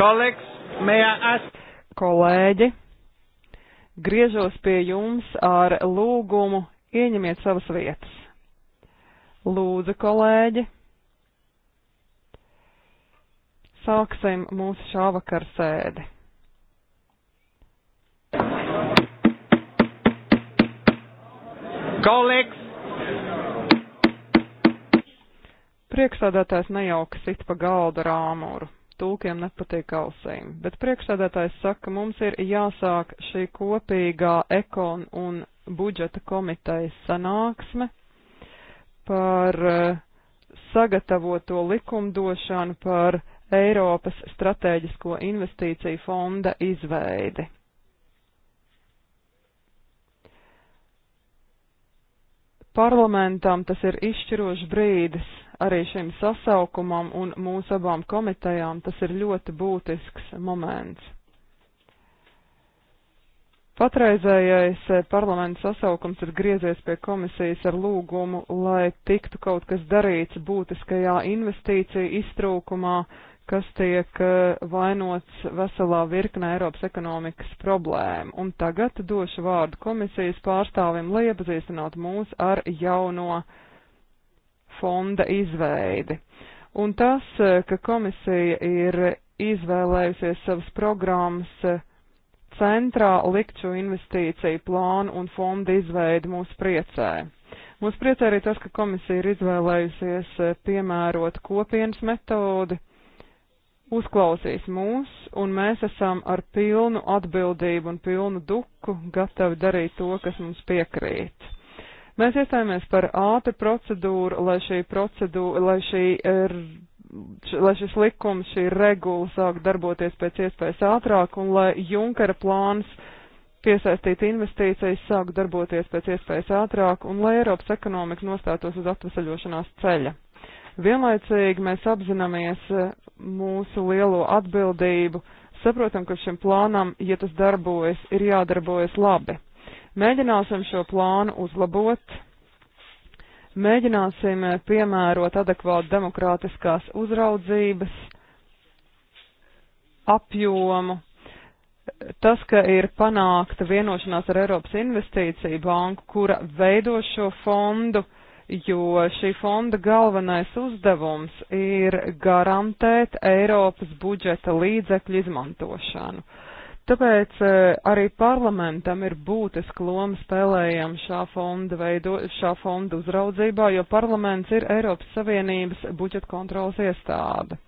Kolēģis, Kolēģi, griežos pie jums ar lūgumu ieņemiet savas vietas. Lūdzu, kolēģi, sāksim mūsu šāvakar sēdi. Kolēģis! Priekšsādātājs nejauka sit pa galda rāmuru tūkiem nepatīk ausīm. Bet priekšsēdētājs saka, mums ir jāsāk šī kopīgā ekon un budžeta komitejas sanāksme par eh, sagatavoto likumdošanu par Eiropas strateģisko investīciju fonda izveidi. Parlamentam tas ir izšķirošs brīdis, arī šim sasaukumam un mūsu abām komitejām tas ir ļoti būtisks moments. Patreizējais eh, parlamenta sasaukums ir griezies pie komisijas ar lūgumu, lai tiktu kaut kas darīts būtiskajā investīcija iztrūkumā, kas tiek eh, vainots veselā virknē Eiropas ekonomikas problēmu. Un tagad došu vārdu komisijas pārstāvim, lai iepazīstinātu mūs ar jauno uh, fonda izveidi. Un tas, ka komisija ir izvēlējusies savas programmas centrā likt šo investīciju plānu un fonda izveidi mūs priecē. Mūs priecē arī tas, ka komisija ir izvēlējusies eh, piemērot kopienas metodi, uzklausīs mūs, un mēs esam ar pilnu atbildību un pilnu duku gatavi darīt to, kas mums piekrīt. Mēs iestājāmies par ātru procedūru, lai šī procedūra, lai šī ir. Er, lai šis likums, šī regula sāk darboties pēc iespējas ātrāk un lai Junkera plāns piesaistīt investīcijas sāk darboties pēc iespējas ātrāk un lai Eiropas ekonomika nostātos uz atvesaļošanās ceļa. Vienlaicīgi mēs apzināmies e, mūsu lielo atbildību, saprotam, ka šim plānam, ja tas darbojas, ir jādarbojas labi. Mēģināsim šo plānu uzlabot, mēģināsim eh, piemērot adekvātu demokrātiskās uzraudzības apjomu. Tas, ka ir panākta vienošanās ar Eiropas investīciju banku, kura veido šo fondu, jo šī fonda galvenais uzdevums ir garantēt Eiropas budžeta līdzekļu izmantošanu. Uh, Tāpēc e, arī parlamentam ir būtiska loma spēlējama šā fonda, veido, šā fonda uzraudzībā, jo parlaments ir Eiropas Savienības budžeta kontrolas iestāde.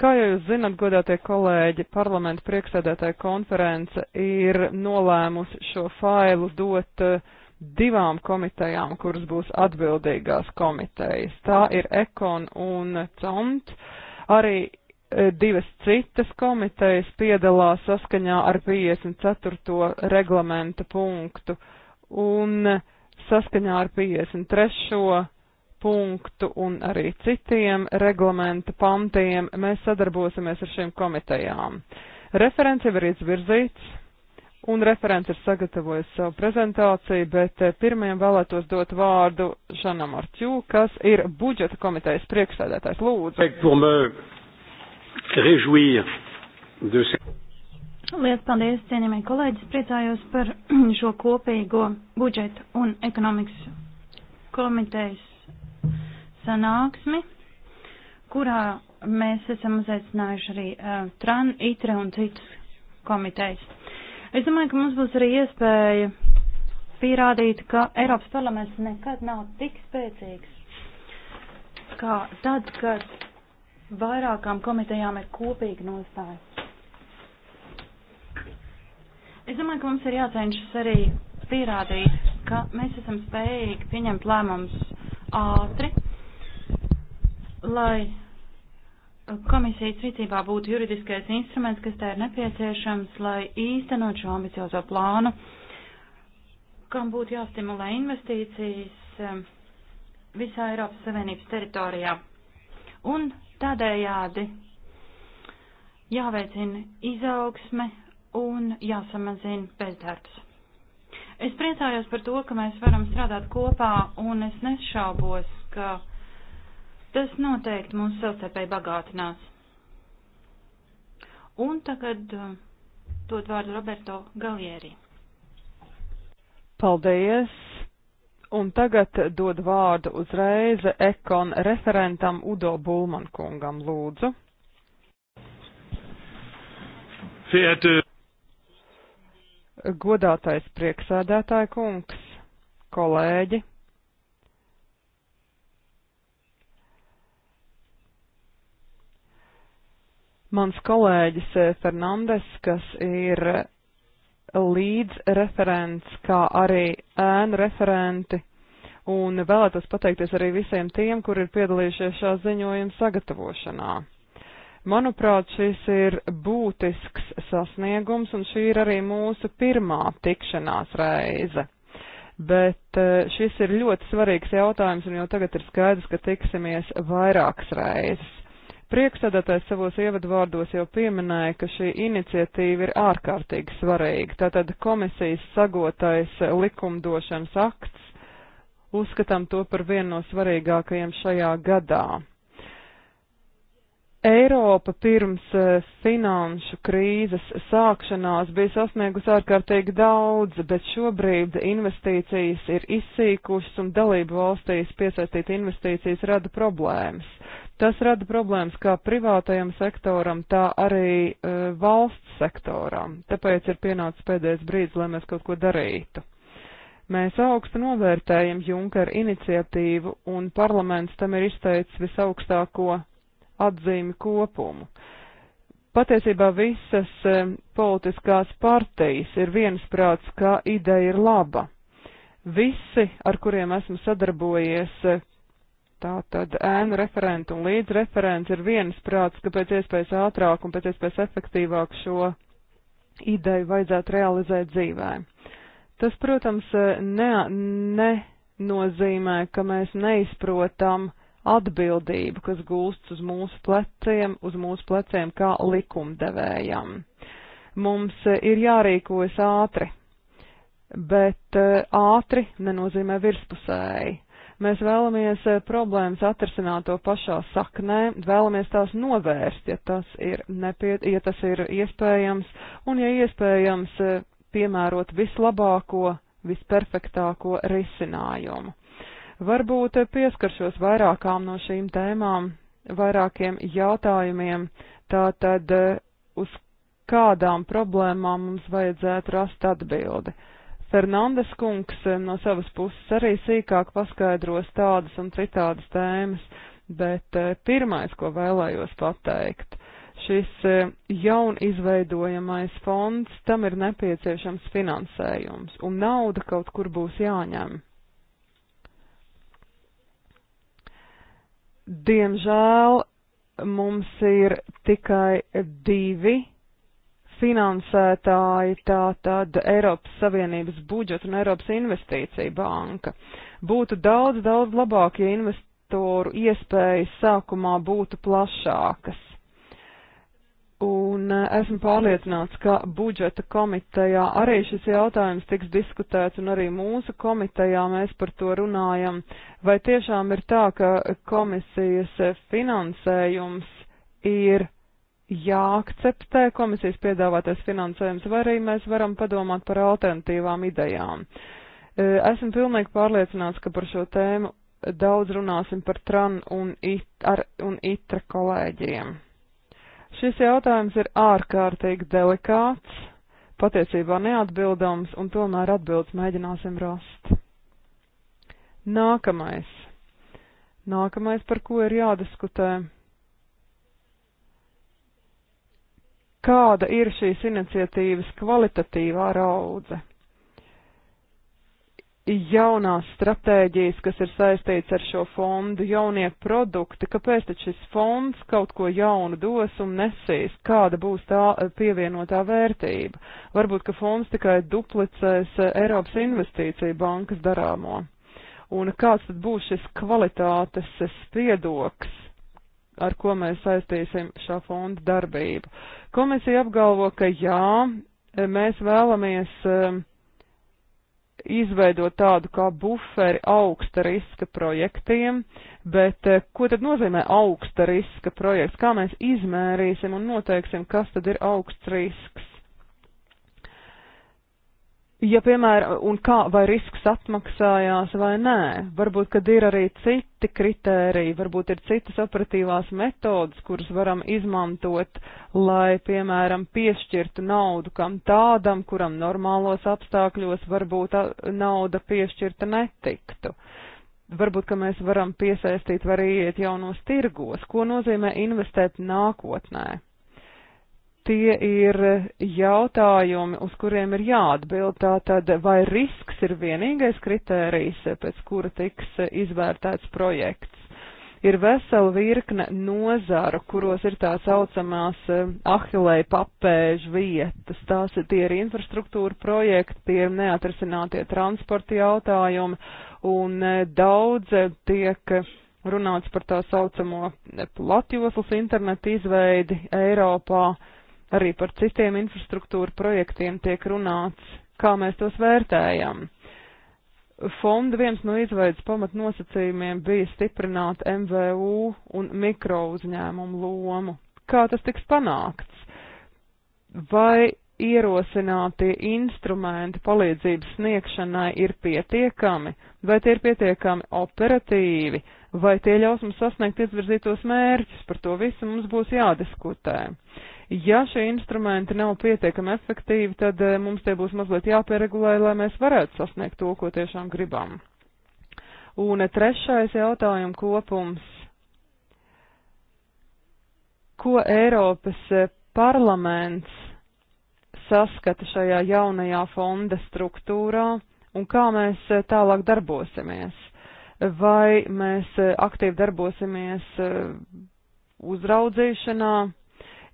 Kā jau jūs zinat, godātie kolēģi, parlamenta priekšsēdētāja konference ir nolēmusi šo failu dot e, divām komitejām, kuras būs atbildīgās komitejas. Tā ir Ekon un COMT. Arī Eh, divas citas komitejas piedalās saskaņā ar 54. reglamenta punktu un saskaņā ar 53. punktu un arī citiem reglamenta pantiem mēs sadarbosimies ar šīm komitejām. Referents jau ir izvirzīts. Un referents ir sagatavojis savu prezentāciju, bet eh, pirmajam vēlētos dot vārdu Žanam Artjū, kas ir budžeta komitejas priekšsēdētājs. Lūdzu. Hey, réjouir de ces. Lielas paldies, cienījamie kolēģi. Es priecājos par šo kopīgo budžeta un ekonomikas komitejas sanāksmi, kurā mēs esam uzaicinājuši arī uh, TRAN, ITRE un citus komitejas. Es domāju, ka mums būs arī iespēja pierādīt, ka Eiropas parlaments nekad nav tik spēcīgs kā tad, kad Vairākām komitejām ir kopīga nostāja. Es domāju, ka mums ir jācenšas arī pierādīt, ka mēs esam spējīgi pieņemt lēmumus ātri, lai komisijas rīcībā būtu juridiskais instruments, kas tā ir nepieciešams, lai īstenot šo ambiciozo plānu, kam būtu jāstimulē investīcijas eh, visā Eiropas Savienības teritorijā. Un Tādējādi jāveicina izaugsme un jāsamazina bezdarbs. Es priecājos par to, ka mēs varam strādāt kopā, un es nešaubos, ka tas noteikti mūsu savstarpēji bagātinās. Un tagad um, dod vārdu Roberto Galieri. Paldies! Un tagad dod vārdu uzreiz ekon referentam Udo Bulmankungam, lūdzu. Fieti. Godātais prieksēdētāja kungs, kolēģi. Mans kolēģis Fernandes, kas ir līdzreferents, kā arī ēnu referenti. Un vēlētos pateikties arī visiem tiem, kur ir piedalījušies šā ziņojuma sagatavošanā. Manuprāt, šis ir būtisks sasniegums, un šī ir arī mūsu pirmā tikšanās reize bet eh, šis ir ļoti svarīgs jautājums, un jau tagad ir skaidrs, ka tiksimies vairākas reizes. Priekšsēdētājs savos ievadvārdos jau pieminēja, ka šī iniciatīva ir ārkārtīgi svarīga. Tātad komisijas sagotais likumdošanas akts uzskatām to par vienu no svarīgākajiem šajā gadā. Eiropa pirms e, finanšu krīzes sākšanās bija sasniegusi ārkārtīgi daudz, bet šobrīd investīcijas ir izsīkušas un dalību valstīs piesaistīt investīcijas rada problēmas. Tas rada problēmas kā privātajam sektoram, tā arī uh, valsts sektoram. Tāpēc ir pienācis pēdējais brīdis, lai mēs kaut ko darītu. Mēs augstu novērtējam Junkera iniciatīvu un parlaments tam ir izteicis visaugstāko atzīmi kopumu. Patiesībā visas e, politiskās partijas ir viensprāts, ka ideja ir laba. Visi, ar kuriem esmu sadarbojies, e, Tā tad ēnu referenta un līdzreferents ir vienas prāts, ka pēc iespējas ātrāk un pēc iespējas efektīvāk šo ideju vajadzētu realizēt dzīvē. Tas, protams, nenozīmē, ne, ne ka mēs neizprotam atbildību, kas gūsts uz mūsu pleciem, uz mūsu pleciem kā likumdevējam. Mums ir jārīkojas ātri, bet ātri nenozīmē virspusēji Mēs vēlamies eh, problēmas atrisināt to pašā saknē, vēlamies tās novērst, ja tas ir, nepiet, ja tas ir iespējams, un ja iespējams eh, piemērot vislabāko, visperfektāko risinājumu. Varbūt eh, pieskaršos vairākām no šīm tēmām, vairākiem jautājumiem, tātad uz kādām problēmām mums vajadzētu rast atbildi. Fernandes kungs eh, no savas puses arī sīkāk paskaidros tādas un citādas tēmas, bet eh, pirmais, ko vēlējos pateikt, šis eh, jaunizveidojamais fonds, tam ir nepieciešams finansējums, un nauda kaut kur būs jāņem. Diemžēl mums ir tikai divi finansētāji, tā tad Eiropas Savienības budžeta un Eiropas investīcija banka. Būtu daudz, daudz labāk, ja investoru iespējas sākumā būtu plašākas. Un eh, esmu pārliecināts, ka budžeta komitejā arī šis jautājums tiks diskutēts, un arī mūsu komitejā mēs par to runājam. Vai tiešām ir tā, ka komisijas finansējums ir jāakceptē komisijas piedāvātais finansējums, vai arī mēs varam padomāt par alternatīvām idejām. E, esmu pilnīgi pārliecināts, ka par šo tēmu daudz runāsim par TRAN un, it, ar, un ITRA kolēģiem. Šis jautājums ir ārkārtīgi delikāts, patiesībā neatbildams, un tomēr atbildes mēģināsim rast. Nākamais. Nākamais, par ko ir jādiskutē. kāda ir šīs iniciatīvas kvalitatīvā raudze. Jaunās stratēģijas, kas ir saistīts ar šo fondu, jaunie produkti, kāpēc tad šis fonds kaut ko jaunu dos un nesīs, kāda būs tā pievienotā vērtība. Varbūt, ka fonds tikai duplicēs Eiropas investīciju bankas darāmo. Un kāds tad būs šis kvalitātes spiedoks? ar ko mēs saistīsim šā fonda darbību. Komisija apgalvo, ka jā, mēs vēlamies um, izveidot tādu kā buferi augsta riska projektiem, bet uh, ko tad nozīmē augsta riska projekts? Kā mēs izmērīsim un noteiksim, kas tad ir augsts risks? Ja, piemēram, un kā, vai risks atmaksājās vai nē, varbūt, kad ir arī citi kritēriji, varbūt ir citas operatīvās metodas, kuras varam izmantot, lai, piemēram, piešķirtu naudu kam tādam, kuram normālos apstākļos varbūt nauda piešķirta netiktu. Varbūt, ka mēs varam piesaistīt, var ieiet jaunos tirgos, ko nozīmē investēt nākotnē tie ir jautājumi, uz kuriem ir jāatbild. Tātad, vai risks ir vienīgais kritērijs, pēc kura tiks izvērtēts projekts? Ir vesela virkne nozaru, kuros ir tā saucamās eh, ahilēja papēžu vietas. Tās tie ir infrastruktūra projekti, tie ir neatrisinātie transporta jautājumi un eh, daudz tiek runāts par tā saucamo eh, platjoslas internetu izveidi Eiropā. Uh, Arī par citiem infrastruktūra projektiem tiek runāts, kā mēs tos vērtējam. Fonda viens no izveidas pamatnosacījumiem bija stiprināt MVU un mikrouzņēmumu lomu. Kā tas tiks panākts? Vai ierosinātie instrumenti palīdzības sniegšanai ir pietiekami, vai tie ir pietiekami operatīvi, vai tie ļaus mums sasniegt izvirzītos mērķus, par to visu mums būs jādiskutē. Ja šie instrumenti nav pietiekami efektīvi, tad eh, mums tie būs mazliet jāpieregulē, lai mēs varētu sasniegt to, ko tiešām gribam. Un trešais jautājuma kopums. Ko Eiropas eh, parlaments saskata šajā jaunajā fonda struktūrā un kā mēs eh, tālāk darbosimies? Vai mēs aktīvi darbosimies uzraudzīšanā?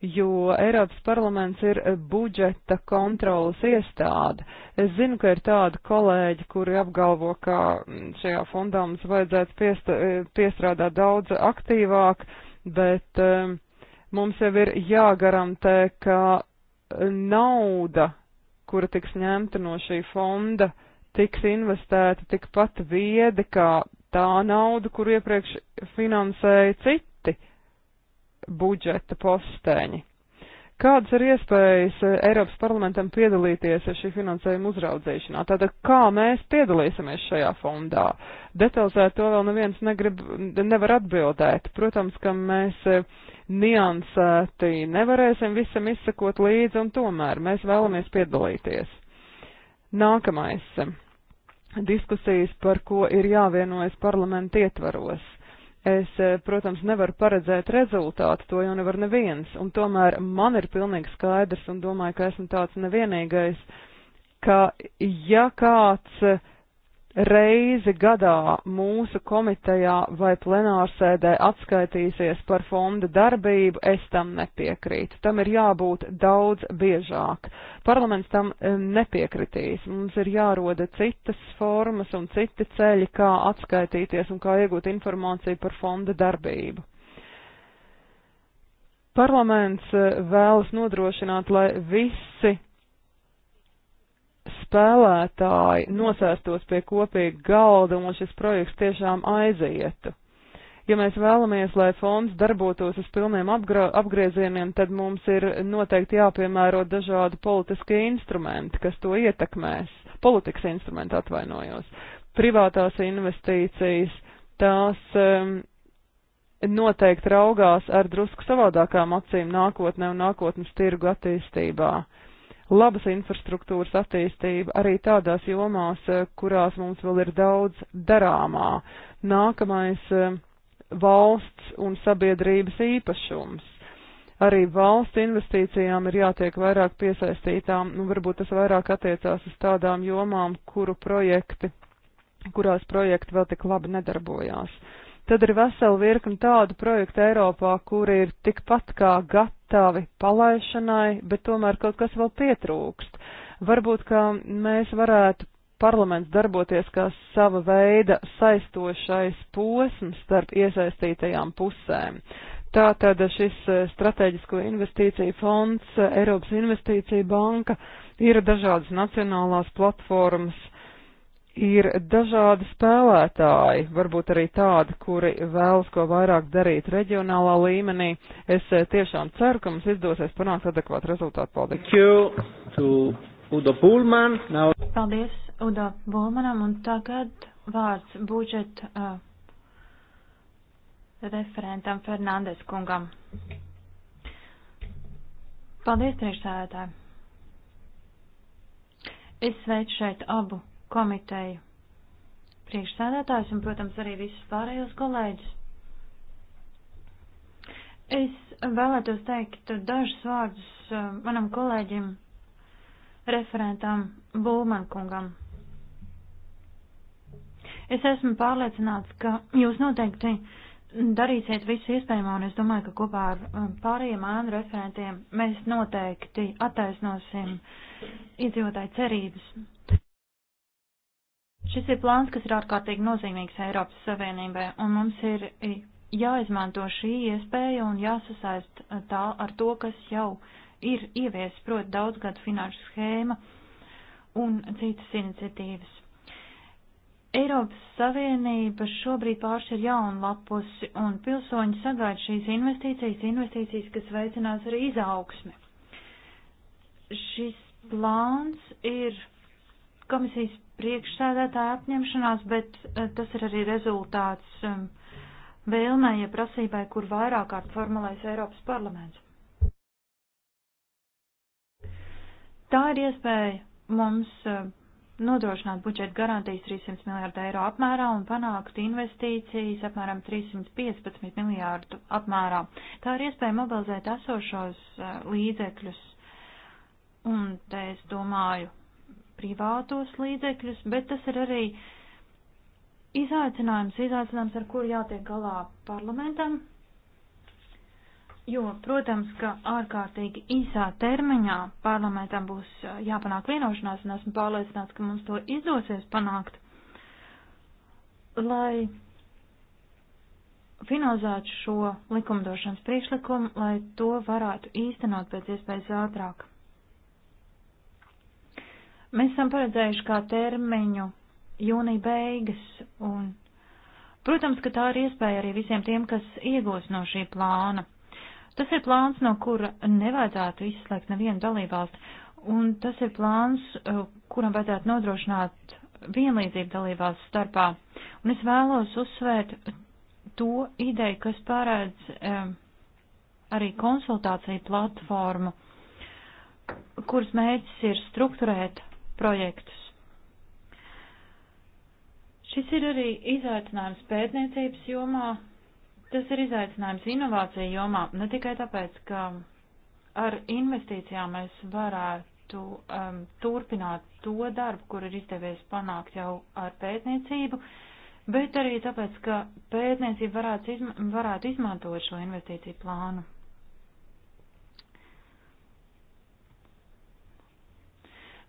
jo Eiropas parlaments ir budžeta kontrolas iestāde. Es zinu, ka ir tādi kolēģi, kuri apgalvo, ka mm, šajā fondā mums vajadzētu piesta, e, piestrādāt daudz aktīvāk, bet e, mums jau ir jāgarantē, ka nauda, kura tiks ņemta no šī fonda, tiks investēta tikpat viedi, kā tā nauda, kur iepriekš finansēja citi budžeta posteņi. Kādas ir iespējas eh, Eiropas parlamentam piedalīties eh, šī finansējuma uzraudzīšanā? Tātad, kā mēs piedalīsimies šajā fondā? Detalizēt to vēl neviens negrib, nevar atbildēt. Protams, ka mēs eh, niansēti nevarēsim visam izsakot līdzi, un tomēr mēs vēlamies piedalīties. Nākamais diskusijas, par ko ir jāvienojas parlamenta ietvaros. Es, eh, protams, nevaru paredzēt rezultātu, to jau nevar neviens, un tomēr man ir pilnīgi skaidrs, un domāju, ka esmu tāds nevienīgais, ka ja kāds reizi gadā mūsu komitejā vai plenārsēdē atskaitīsies par fonda darbību, es tam nepiekrītu. Tam ir jābūt daudz biežāk. Parlaments tam nepiekritīs. Mums ir jāroda citas formas un citi ceļi, kā atskaitīties un kā iegūt informāciju par fonda darbību. Parlaments eh, vēlas nodrošināt, lai visi spēlētāji nosēstos pie kopīga galda un šis projekts tiešām aizietu. Ja mēs vēlamies, lai fonds darbotos uz pilniem apgriezieniem, tad mums ir noteikti jāpiemēro dažādi politiskie instrumenti, kas to ietekmēs. Politikas instrumenti atvainojos. Privātās investīcijas, tās um, noteikti raugās ar drusku savādākām acīm nākotnē un nākotnes tirgu attīstībā. Uh, labas infrastruktūras attīstība arī tādās jomās, eh, kurās mums vēl ir daudz darāmā. Nākamais eh, valsts un sabiedrības īpašums. Arī valsts investīcijām ir jātiek vairāk piesaistītām, un nu, varbūt tas vairāk attiecās uz tādām jomām, kuru projekti, kurās projekti vēl tik labi nedarbojās. Tad ir vesela virkni tādu projektu Eiropā, kuri ir tikpat kā gatavi gatavi palaišanai, bet tomēr kaut kas vēl pietrūkst. Varbūt, ka mēs varētu parlaments darboties kā sava veida saistošais posms starp iesaistītajām pusēm. Tātad šis eh, strateģisko investīciju fonds, eh, Eiropas investīcija banka, ir dažādas nacionālās platformas, ir dažādi spēlētāji, varbūt arī tādi, kuri vēlas ko vairāk darīt reģionālā līmenī. Es eh, tiešām ceru, ka mums izdosies panākt adekvātu rezultātu. Paldies! Udo Pulman, now... Paldies Udo Bulmanam un tagad vārds budžeta uh, eh, referentam Fernandes kungam. Paldies priekšsēdētāji! Es sveicu šeit abu komiteju priekšsēdētājs un, protams, arī visus pārējos kolēģus. Es vēlētos teikt dažus vārdus uh, manam kolēģim, referentam Būmankungam. Es esmu pārliecināts, ka jūs noteikti darīsiet visu iespējamo, un es domāju, ka kopā ar uh, pārējiem ēnu referentiem mēs noteikti attaisnosim iedzīvotāju cerības Šis ir plāns, kas ir ārkārtīgi nozīmīgs Eiropas Savienībai, un mums ir jāizmanto šī iespēja un jāsasaist tā ar to, kas jau ir ieviesis, proti, daudzgadu finanšu schēma un citas iniciatīvas. Eiropas Savienība šobrīd pāršķir jaunu lapusi, un pilsoņi sagaida šīs investīcijas, investīcijas, kas veicinās arī izaugsmi. Šis plāns ir komisijas priekšsēdētāja apņemšanās, bet eh, tas ir arī rezultāts um, vēlmē, ja prasībai, kur vairāk kārt formulēs Eiropas parlaments. Tā ir iespēja mums eh, nodrošināt budžeta garantijas 300 miljārdu eiro apmērā un panākt investīcijas apmēram 315 miljārdu apmērā. Tā ir iespēja mobilizēt esošos eh, līdzekļus. Un te es domāju privātos līdzekļus, bet tas ir arī izaicinājums, izaicinājums, ar kuru jātiek galā parlamentam, jo, protams, ka ārkārtīgi īsā termiņā parlamentam būs jāpanāk vienošanās, un esmu pārliecināts, ka mums to izdosies panākt, lai finalizētu šo likumdošanas priekšlikumu, lai to varētu īstenot pēc iespējas ātrāk. Mēs esam paredzējuši kā termiņu jūnija beigas, un, protams, ka tā ir iespēja arī visiem tiem, kas iegūs no šī plāna. Tas ir plāns, no kura nevajadzētu izslēgt nevienu dalībvalstu, un tas ir plāns, uh, kuram vajadzētu nodrošināt vienlīdzību dalībvalstu starpā. Un es vēlos uzsvērt to ideju, kas pārēdz um, arī konsultāciju platformu, kuras mērķis ir strukturēt projektus. Šis ir arī izaicinājums pētniecības jomā, tas ir izaicinājums inovāciju jomā, ne tikai tāpēc, ka ar investīcijām mēs varētu um, turpināt to darbu, kur ir izdevies panākt jau ar pētniecību, bet arī tāpēc, ka pētniecība varētu, izma varētu izmantot šo investīciju plānu.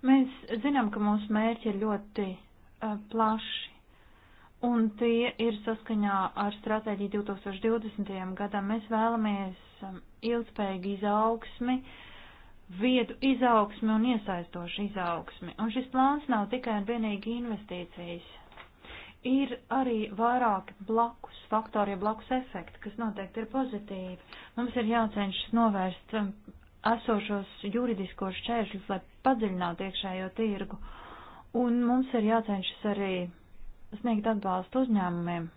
Mēs zinām, ka mūsu mērķi ir ļoti uh, plaši, un tie ir saskaņā ar stratēģiju 2020. gadam. Mēs vēlamies um, ilgspējīgu izaugsmi, viedu izaugsmi un iesaistošu izaugsmi. Un šis plāns nav tikai un vienīgi investīcijas. Ir arī vairāki blakus faktori, blakus efekti, kas noteikti ir pozitīvi. Mums ir jācenšas novērst um, esošos juridiskos šķēršļus, lai padziļinātu iekšējo tirgu. Un mums ir jācenšas arī sniegt atbalstu uzņēmumiem,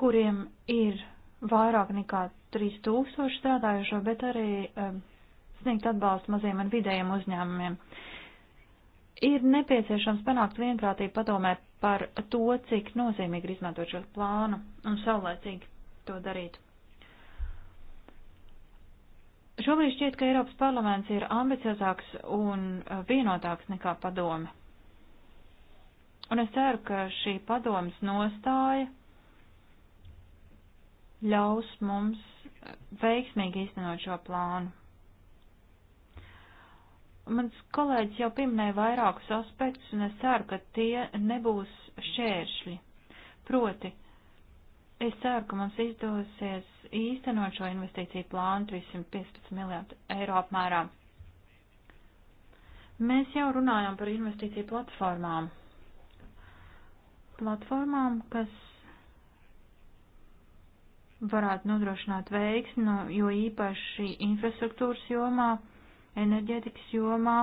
kuriem ir vairāk nekā 3000 strādājušo, bet arī um, sniegt atbalstu maziem un vidējiem uzņēmumiem. Ir nepieciešams panākt vienprātību padomē par to, cik nozīmīgi ir izmantot šo plānu un saulēcīgi to darīt. Šobrīd šķiet, ka Eiropas parlaments ir ambiciozāks un eh, vienotāks nekā padome. Un es ceru, ka šī padomas nostāja ļaus mums eh, veiksmīgi iztenot šo plānu. Mans kolēģis jau pieminēja vairākus aspektus, un es ceru, ka tie nebūs šķēršļi. Proti, Es ceru, ka mums izdosies īstenot šo investīciju plānu 315 miljārdu eiro apmērā. Mēs jau runājām par investīciju platformām. Platformām, kas varētu nodrošināt veiksmi, no, nu, jo īpaši infrastruktūras jomā, enerģētikas jomā,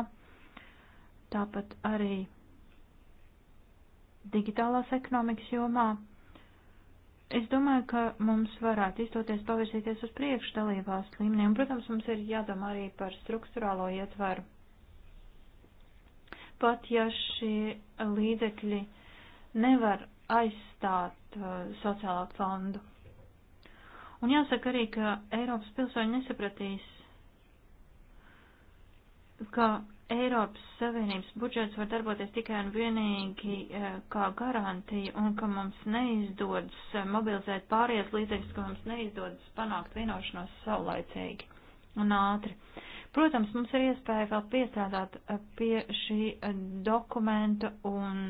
tāpat arī digitālās ekonomikas jomā. Es domāju, ka mums varētu izdoties pavirzīties uz priekšu dalībvalstu līmenī, un, protams, mums ir jādomā arī par struktūrālo ietvaru. Pat ja šie līdzekļi nevar aizstāt uh, sociālā fondu. Un jāsaka arī, ka Eiropas pilsoņi nesapratīs, ka Eiropas Savienības budžets var darboties tikai un vienīgi eh, kā garantija un ka mums neizdodas eh, mobilizēt pārējais līdzekļus, ka mums neizdodas panākt vienošanos saulaicīgi un ātri. Protams, mums ir iespēja vēl piestrādāt eh, pie šī dokumenta un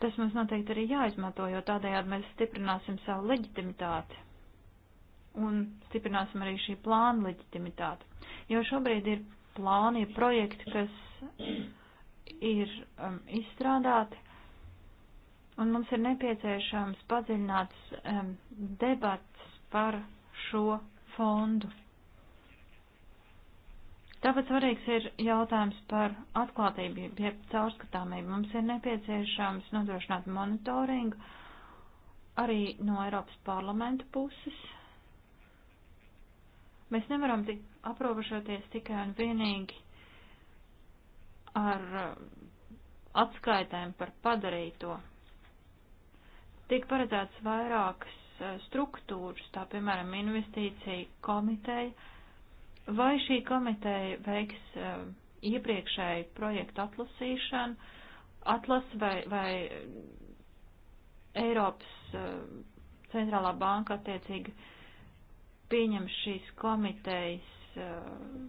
tas mums noteikti arī jāizmanto, jo tādējādi mēs stiprināsim savu leģitimitāti un stiprināsim arī šī plāna leģitimitāti. Jo šobrīd ir plāni, ir projekti, kas ir um, izstrādāti, un mums ir nepieciešams padziļināts um, debats par šo fondu. Tāpēc svarīgs ir jautājums par atklātību, jeb caurskatāmību. Mums ir nepieciešams nodrošināt monitoringu arī no Eiropas parlamenta puses. Mēs nevaram tik aprobežoties tikai un vienīgi ar uh, atskaitēm par padarīto. Tiek paredzēts vairākas uh, struktūras, tā piemēram investīcija komiteja, vai šī komiteja veiks uh, iepriekšēju projektu atlasīšanu, atlas vai, vai Eiropas centrālā banka attiecīgi pieņem šīs komitejas uh,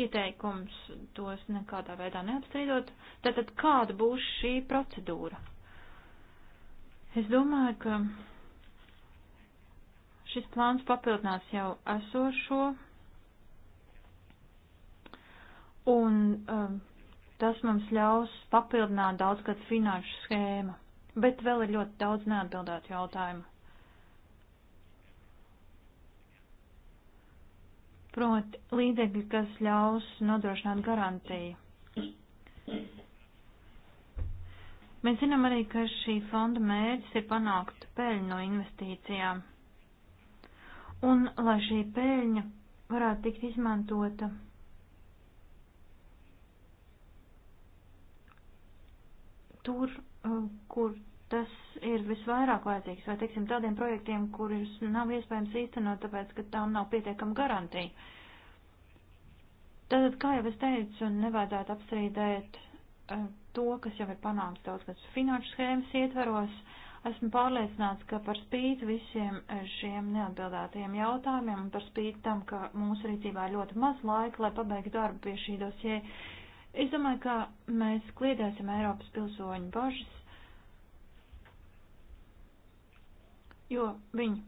ieteikums, tos nekādā veidā neapstrīdot. Tātad kāda būs šī procedūra? Es domāju, ka šis plāns papildinās jau esošo, un um, tas mums ļaus papildināt daudzgad finanšu schēmu, bet vēl ir ļoti daudz neatbildētu jautājumu. proti līdzekļi, kas ļaus nodrošināt garantiju. Mēs zinām arī, ka šī fonda mērķis ir panākt peļņu no investīcijām. Un lai šī peļņa varētu tikt izmantota tur, uh, kur tas ir visvairāk vajadzīgs, vai, teiksim, tādiem projektiem, kurus nav iespējams īstenot, tāpēc, ka tām nav pietiekama garantija. Tātad, kā jau es teicu, nevajadzētu apstrīdēt eh, to, kas jau ir panākts daudzgads finanšu schēmas ietveros. Esmu pārliecināts, ka par spīti visiem eh, šiem neatbildētajiem jautājumiem un par spīti tam, ka mūsu rīcībā ir ļoti maz laika, lai pabeigtu darbu pie šī dosie, es domāju, ka mēs kliedēsim Eiropas pilsoņu bažas jo viņi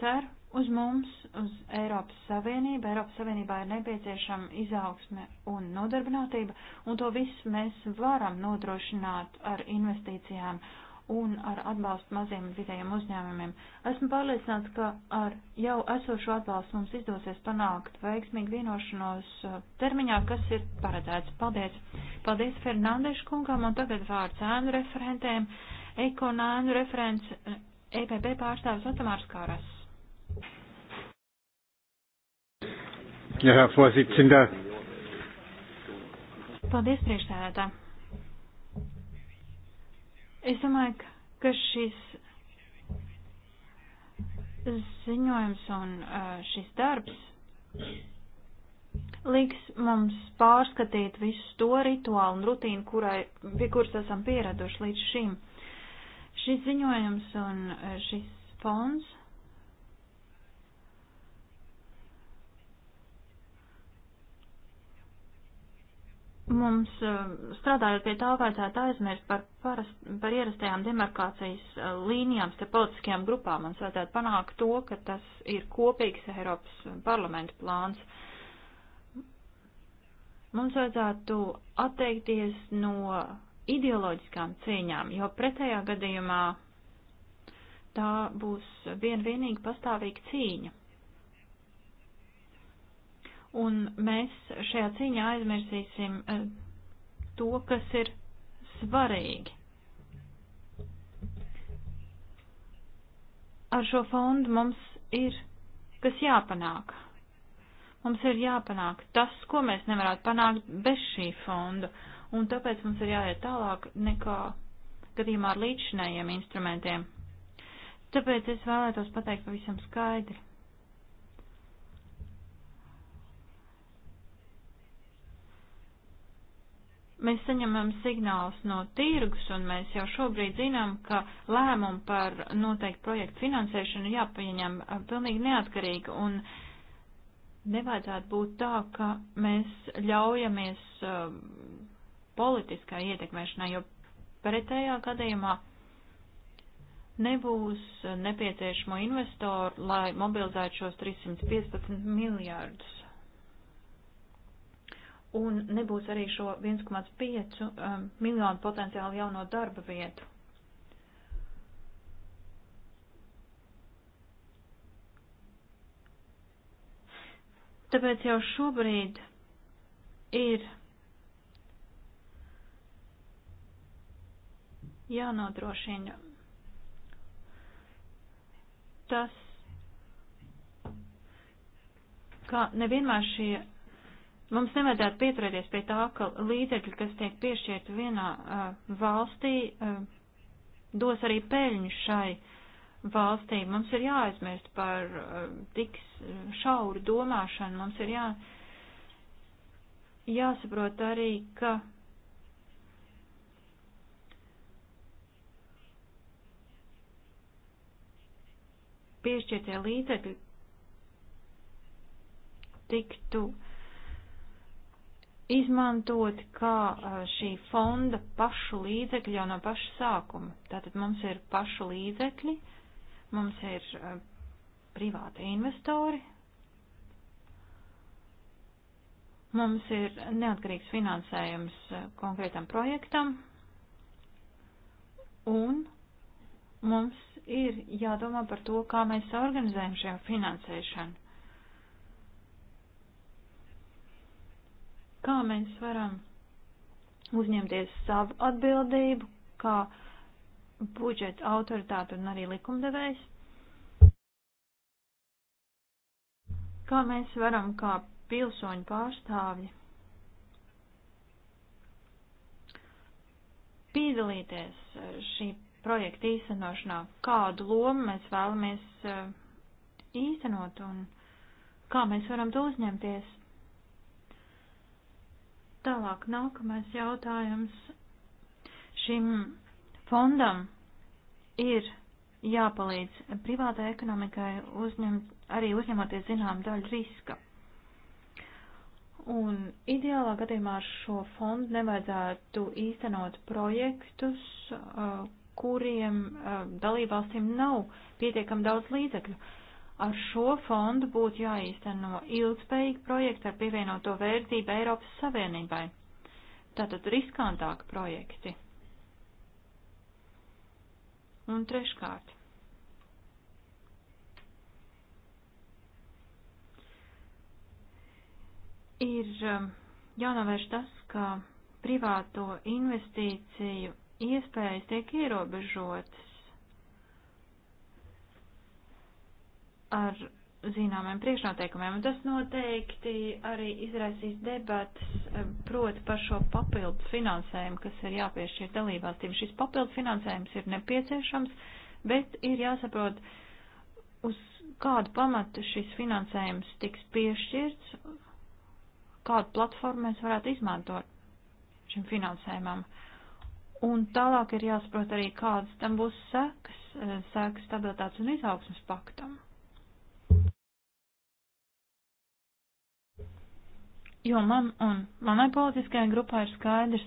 cer uz mums, uz Eiropas Savienību. Eiropas Savienībā ir nepieciešama izaugsme un nodarbinātība, un to visu mēs varam nodrošināt ar investīcijām un ar atbalstu maziem un vidējiem uzņēmumiem. Esmu pārliecināts, ka ar jau esošu atbalstu mums izdosies panākt veiksmīgu vienošanos uh, termiņā, kas ir paredzēts. Paldies! Paldies Fernandešu kungam, un tagad vārds ēnu referentēm. Ekonēnu referents EPP pārstāvis Otamārs Kāras. Jā, ja, Vorsitzender. Paldies, priekšsēdētā. Es domāju, ka šis ziņojums un uh, šis darbs liks mums pārskatīt visu to rituālu un rutīnu, kurai, pie kuras esam pieraduši līdz šim. Šis ziņojums un e, šis fonds mums e, strādājot pie tā, vajadzētu aizmirst par, parast, par ierastajām demarkācijas e, līnijām starp politiskajām grupām. Mums vajadzētu panākt to, ka tas ir kopīgs Eiropas parlamenta plāns. Mums vajadzētu atteikties no ideoloģiskām cīņām, jo pretējā gadījumā tā būs vien vienīgi pastāvīga cīņa. Un mēs šajā cīņā aizmirsīsim eh, to, kas ir svarīgi. Ar šo fondu mums ir kas jāpanāk. Mums ir jāpanāk tas, ko mēs nevarētu panākt bez šī fonda. Uh, un tāpēc mums ir jāiet tālāk nekā gadījumā ar līdzšinējiem instrumentiem. Tāpēc es vēlētos pateikt pavisam skaidri. mēs saņemam signālus no tirgus, un mēs jau šobrīd zinām, ka lēmumu par noteiktu projektu finansēšanu jāpieņem uh, pilnīgi neatkarīgi, un nevajadzētu būt tā, ka mēs ļaujamies uh, politiskai ietekmēšanai, jo pretējā gadījumā nebūs nepieciešamo investoru, lai mobilizētu šos 315 miljārdus. Un nebūs arī šo 1,5 um, miljonu potenciāli jauno darba vietu. Tāpēc jau šobrīd ir jānodrošina tas, ka nevienmēr šie Mums nevajadzētu pieturēties pie tā, ka līdzekļi, kas tiek piešķirti vienā uh, valstī, uh, dos arī peļņu šai valstī. Mums ir jāaizmirst par uh, tik šauru domāšanu. Mums ir jā, jāsaprot arī, ka piešķirtie līdzekļi tiktu izmantot kā šī fonda pašu līdzekļi jau no paša sākuma. Tātad mums ir pašu līdzekļi, mums ir privāti investori, mums ir neatkarīgs finansējums konkrētam projektam un mums ir jādomā par to, kā mēs organizējam šo finansēšanu. Kā mēs varam uzņemties savu atbildību, kā budžeta autoritāte un arī likumdevējs. Kā mēs varam kā pilsoņu pārstāvji piedalīties eh, šī projekta īstenošanā, kādu lomu mēs vēlamies eh, īstenot un kā mēs varam to uzņemties. Tālāk nākamais jautājums. Šim fondam ir jāpalīdz privātai ekonomikai uzņemt, arī uzņemoties zinām daļu riska. Un ideālā gadījumā ar šo fondu nevajadzētu īstenot projektus, eh, kuriem dalībvalstīm nav pietiekam daudz līdzekļu. Ar šo fondu būtu jāīsteno ilgspējīgi projekti ar pievienoto vērtību Eiropas Savienībai. Tātad riskantāki projekti. Un treškārt. Ir jānovērš tas, ka privāto investīciju iespējas tiek ierobežotas ar zināmiem priekšnoteikumiem, un tas noteikti arī izraisīs debatas eh, proti par šo papildu finansējumu, kas ir jāpiešķir dalībvalstīm. Šis papildu finansējums ir nepieciešams, bet ir jāsaprot, uz kādu pamatu šis finansējums tiks piešķirts, kādu platformu mēs varētu izmantot šim finansējumam. Uh, Un tālāk ir jāsaprot arī, kādas tam būs sekas, eh, sekas stabilitātes un izaugsmas paktam. Jo man un manai politiskajai grupai ir skaidrs,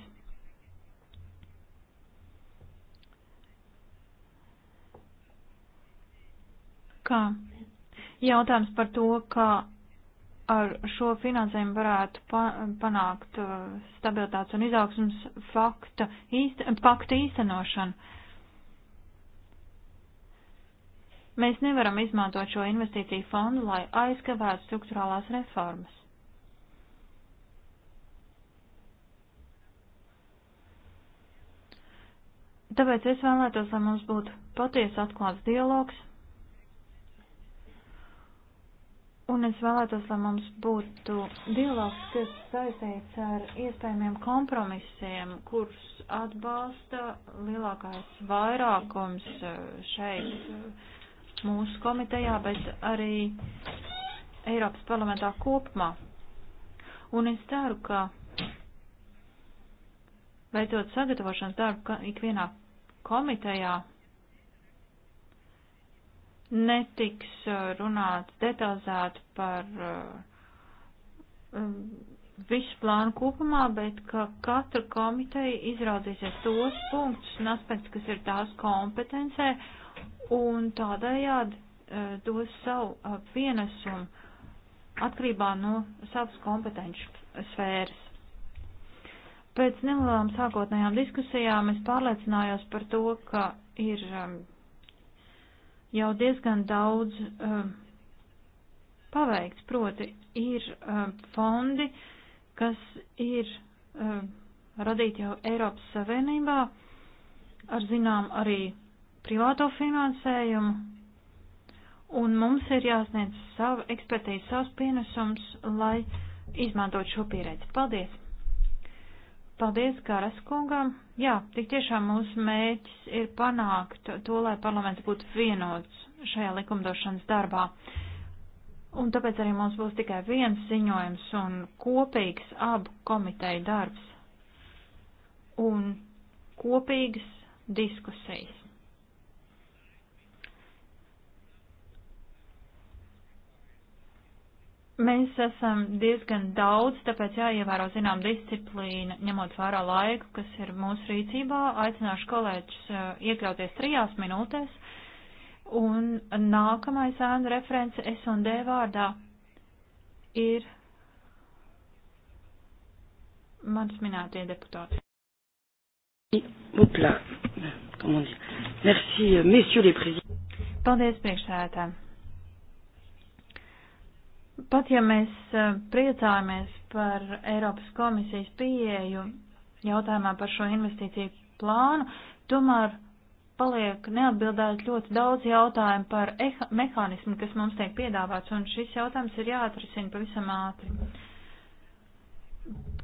ka jautājums par to, kā ar šo finansējumu varētu pa, panākt uh, stabilitātes un izaugsmas fakta, īst, fakta īstenošanu. Mēs nevaram izmantot šo investīciju fondu, lai aizkavētu struktūrālās reformas. Tāpēc es vēlētos, lai mums būtu patiesi atklāts dialogs Un es vēlētos, lai mums būtu dialogs, kas saistīts ar iespējamiem kompromisiem, kurus atbalsta lielākais vairākums eh, šeit eh, mūsu komitejā, bet arī Eiropas parlamentā kopumā. Un es ceru, ka veicot sagatavošanas darbu ikvienā komitejā, netiks uh, runāts detalizēti par uh, um, visu plānu kopumā, bet ka katra komiteja izraudzīsies tos punktus un aspektus, kas ir tās kompetencē, un tādējādi uh, dos savu pienesumu atkarībā no savas kompetenci sfēras. Pēc nelielām sākotnējām diskusijām es pārliecinājos par to, ka ir um, jau diezgan daudz uh, paveikts, proti ir uh, fondi, kas ir uh, radīti jau Eiropas Savienībā, ar zinām arī privāto finansējumu, un mums ir jāsniedz savu ekspertīzi, savs pienesums, lai izmantot šo pieredzi. Paldies! Paldies Kāras kungam. Jā, tik tiešām mūsu mērķis ir panākt to, lai parlaments būtu vienots šajā likumdošanas darbā. Un tāpēc arī mums būs tikai viens ziņojums un kopīgs abu komiteju darbs un kopīgas diskusijas. Mēs esam diezgan daudz, tāpēc jāievēro zinām disciplīna, ņemot vērā laiku, kas ir mūsu rīcībā. Aicināšu kolēģus eh, iekļauties trijās minūtēs. Un nākamais ēnu reference S&D vārdā ir mans minētie deputāti. Euh, Paldies priekšsēdētājiem. Pat ja mēs e, priecājamies par Eiropas komisijas pieeju jautājumā par šo investīciju plānu, tomēr paliek neatbildēt ļoti daudz jautājumu par mehānismu, kas mums tiek piedāvāts, un šis jautājums ir jāatrisina pavisam ātri.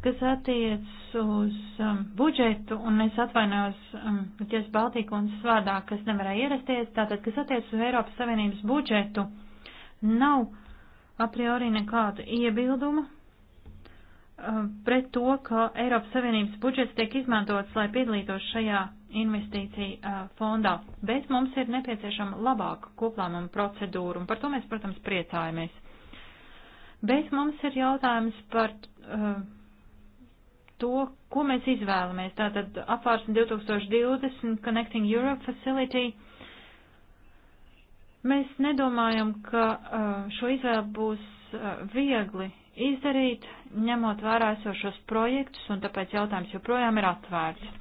Kas attiec uz um, budžetu, un es atvainojos, um, ja es Baltīku un svārdā, kas nevarēja ierasties, tātad, kas attiec uz Eiropas Savienības budžetu, nav a priori nekādu iebildumu uh, pret to, ka Eiropas Savienības budžets tiek izmantots, lai piedalītos šajā investīcija uh, fondā, bet mums ir nepieciešama labāka koplāmuma procedūra, un par to mēs, protams, priecājamies. Bet mums ir jautājums par uh, to, ko mēs izvēlamies. Tātad apvārsni 2020 Connecting Europe Facility uh, Mēs nedomājam, ka uh, šo izvēlu būs uh, viegli izdarīt, ņemot vērā esošos projektus, un tāpēc jautājums joprojām ir atvērts.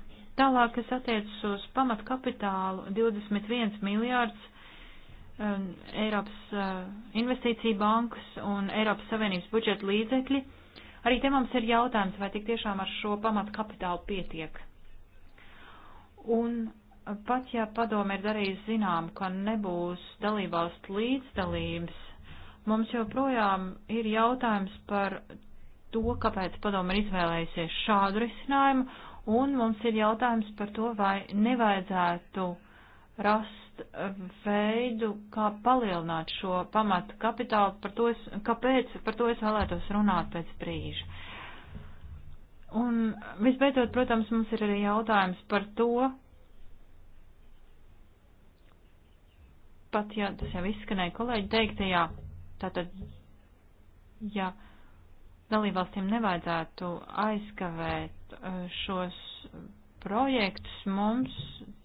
Tālāk, kas attiecas uz pamatkapitālu, 21 miljārds um, Eiropas uh, investīcija bankas un Eiropas Savienības budžeta līdzekļi. Arī te mums ir jautājums, vai tik tiešām ar šo pamatkapitālu pietiek. Un pat ja padome ir darījusi zinām, ka nebūs dalībvalstu līdzdalības, mums joprojām ir jautājums par to, kāpēc padome ir izvēlējusies šādu risinājumu, un mums ir jautājums par to, vai nevajadzētu rast veidu, kā palielināt šo pamatu kapitālu, par to es, kāpēc, par to es vēlētos runāt pēc brīža. Un visbeidzot, protams, mums ir arī jautājums par to, pat, ja tas jau izskanēja kolēģi teiktajā, tātad, ja dalībvalstīm nevajadzētu aizkavēt uh, šos projektus, mums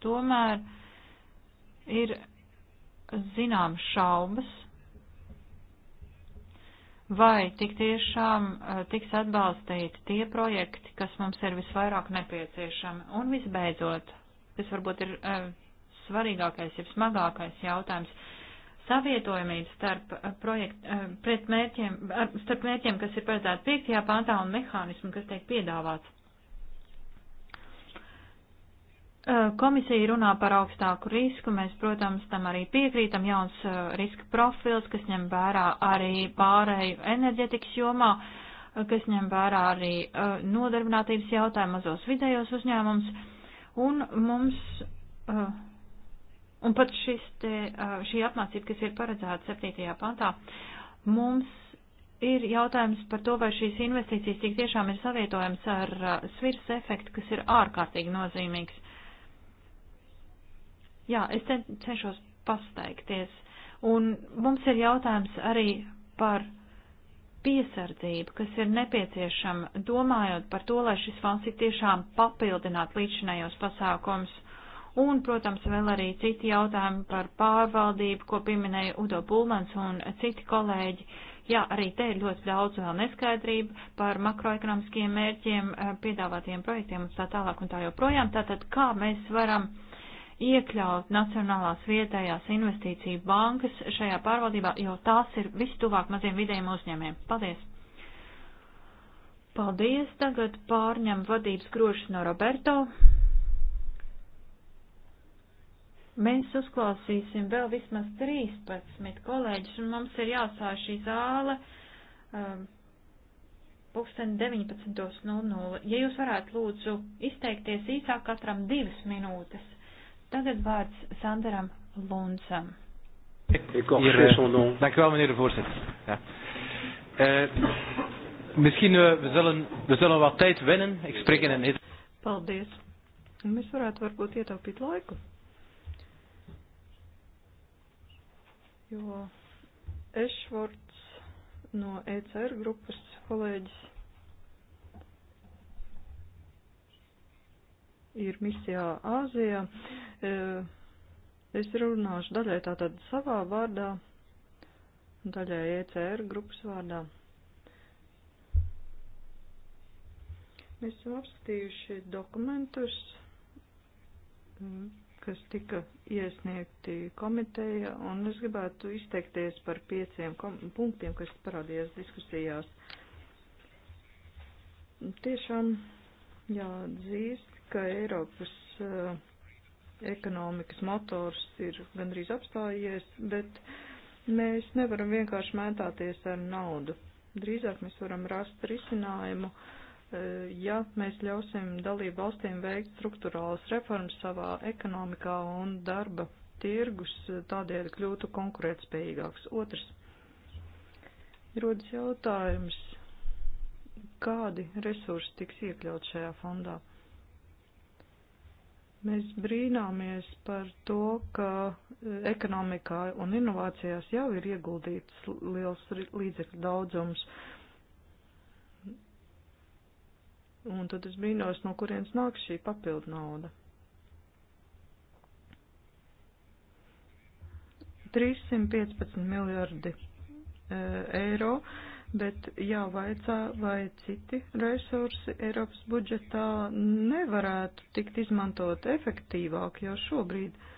tomēr ir zinām šaubas, vai tik tiešām uh, tiks atbalstīti tie projekti, kas mums ir visvairāk nepieciešami. Un visbeidzot, tas varbūt ir uh, svarīgākais, jeb smagākais jautājums. Savietojamība starp, eh, projekt, eh, pret mērķiem, starp mērķiem, kas ir paredzēti 5. pantā un mehānismu, kas tiek piedāvāts. Eh, komisija runā par augstāku risku, mēs, protams, tam arī piekrītam, jauns riska profils, kas ņem vērā arī pārēju enerģetikas jomā, kas ņem vērā arī nodarbinātības jautājumu mazos vidējos uzņēmums, un mums Un pat šis te, šī apmācība, kas ir paredzēta 7. pantā, mums ir jautājums par to, vai šīs investīcijas tik tiešām ir savietojams ar svirs efektu, kas ir ārkārtīgi nozīmīgs. Jā, es cenšos pasteikties. Un mums ir jautājums arī par piesardzību, kas ir nepieciešama, domājot par to, lai šis fonds tik tiešām papildinātu līdzinējos pasākums. Un, protams, vēl arī citi jautājumi par pārvaldību, ko pieminēja Udo Pulmans un citi kolēģi. Jā, arī te ir ļoti daudz vēl neskaidrību par makroekonomiskiem mērķiem, eh, piedāvātiem projektiem un tā tālāk un tā joprojām. Tātad, kā mēs varam iekļaut Nacionālās vietējās investīciju bankas šajā pārvaldībā, jo tās ir vistuvāk maziem vidējiem uzņēmiem. Paldies! Paldies! Tagad pārņem vadības grošas no Roberto. Mēs uzklausīsim vēl vismaz 13 kolēģis, un mums ir jāsāj šī zāle um, pulksten 19.00. Ja jūs varētu lūdzu izteikties īsāk katram divas minūtes, tagad vārds Sandaram Luncam. Ir, eh, dank u wel, meneer de voorzitter. Ja. Uh, misschien uh, we zullen, we zullen wat tijd winnen. Ik spreek in een... Paldies. Mēs varētu varbūt ietaupīt laiku. jo Ešvorts no ECR grupas kolēģis ir misijā Āzijā. E, es runāšu daļai tātad savā vārdā, daļai ECR grupas vārdā. Mēs esam apskatījuši dokumentus. Mm kas tika iesniegti komiteja, un es gribētu izteikties par pieciem punktiem, kas parādījās diskusijās. Tiešām jāatzīst, ka Eiropas uh, ekonomikas motors ir gandrīz apstājies, bet mēs nevaram vienkārši mētāties ar naudu. Drīzāk mēs varam rast risinājumu uh, E, ja mēs ļausim dalību valstīm veikt struktūrālas reformas savā ekonomikā un darba tirgus e, tādēļ kļūtu konkurētspējīgāks. Otrs. Rodas jautājums, kādi resursi tiks iekļaut šajā fondā? Mēs brīnāmies par to, ka e, ekonomikā un inovācijās jau ir ieguldīts liels līdzekļu daudzums. Uh, Un tad es brīnos, no kurienes nāk šī papildu nauda. 315 miljardi e, eiro, bet jāvaicā, vai citi resursi Eiropas budžetā nevarētu tikt izmantot efektīvāk jau šobrīd. E,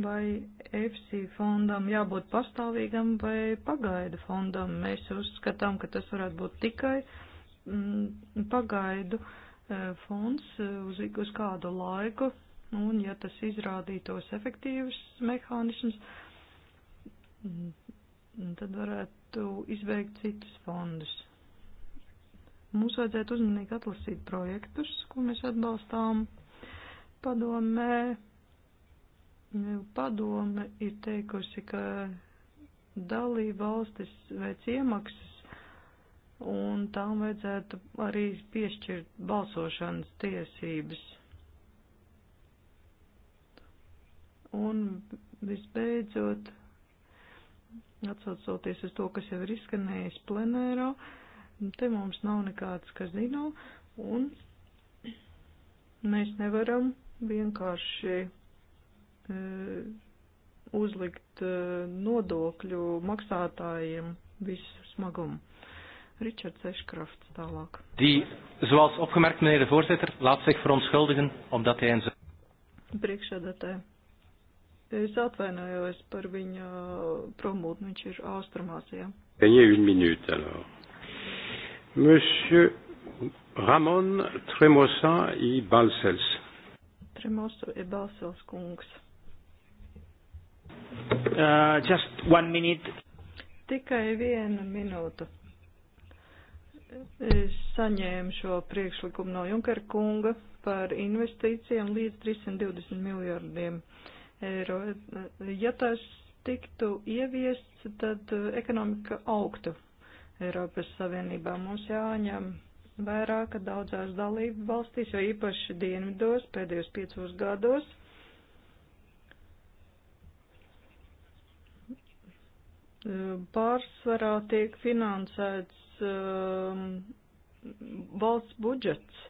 vai EFSI fondam jābūt pastāvīgam vai pagaidu fondam. Mēs uzskatām, ka tas varētu būt tikai mm, pagaidu e, fonds e, uz, uz kādu laiku, un ja tas izrādītos efektīvs mehānisms, mm, tad varētu izbeigt citus fondus. Mums vajadzētu uzmanīgi atlasīt projektus, ko mēs atbalstām padomē Padome ir teikusi, ka dalība valstis veic iemaksas un tām vajadzētu arī piešķirt balsošanas tiesības. Un visbeidzot, atsaucoties uz to, kas jau ir izskanējis plenērā, te mums nav nekādas kazino, un mēs nevaram vienkārši Uh, uzlikt uh, nodokļu maksātājiem visu smagumu. Richard Seškrafts tālāk. Die, zoals opgemerkt, meneer de voorzitter, laat zich verontschuldigen, omdat hij een... Priekšsēdētāji, es atvainojos par viņa promūtu, viņš ir Austrumāsijā. Gagnez une minute, alors. Monsieur Ramon Tremosa i Balsels. Tremosa i Balsels kungs. Uh, just one minute. Tikai viena minūte. Es saņēmu šo priekšlikumu no Junkera kunga par investīcijām līdz 320 miljardiem eiro. Ja tas tiktu ieviests, tad uh, ekonomika augtu Eiropas Savienībā. Mums jāņem vērā, ka daudzās dalību valstīs, jo īpaši dienvidos pēdējos piecos gados, pārsvarā tiek finansēts um, valsts budžets.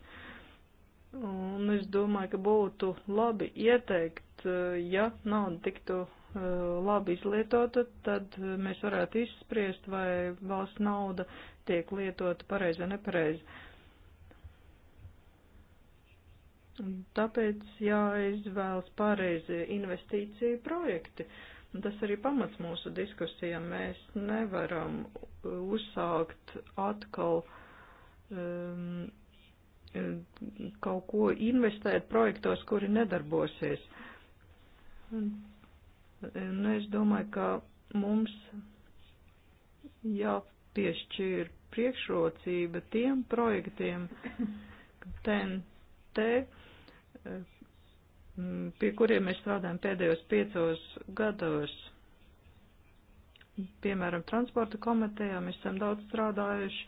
Un es domāju, ka būtu labi ieteikt, uh, ja nauda tiktu uh, labi izlietota, tad mēs varētu izspriest, vai valsts nauda tiek lietota pareizi vai nepareizi. Tāpēc jāizvēlas pareizi investīciju projekti. Uh, Un tas arī pamats mūsu diskusijām. Mēs nevaram uzsākt atkal um, kaut ko investēt projektos, kuri nedarbosies. Un, un es domāju, ka mums jāpiešķir priekšrocība tiem projektiem, ten te, Mm, pie kuriem mēs strādājam pēdējos piecos gados. Piemēram, transporta komitejā mēs esam daudz strādājuši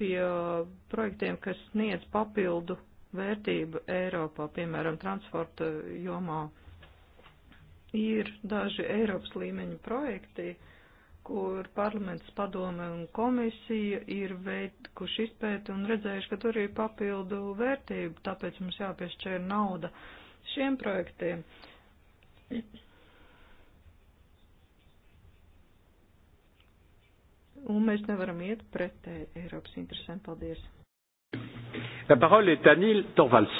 pie uh, projektiem, kas sniedz papildu vērtību Eiropā, piemēram, transporta jomā. Ir daži Eiropas līmeņa projekti, kur parlaments padome un komisija ir veikuši izpēti un redzējuši, ka tur ir papildu vērtību, tāpēc mums jāpiešķēra nauda uh, šiem projektiem. Un mēs nevaram iet pretēji Eiropas interesēm. Paldies! La parole est à Nils Torvalds.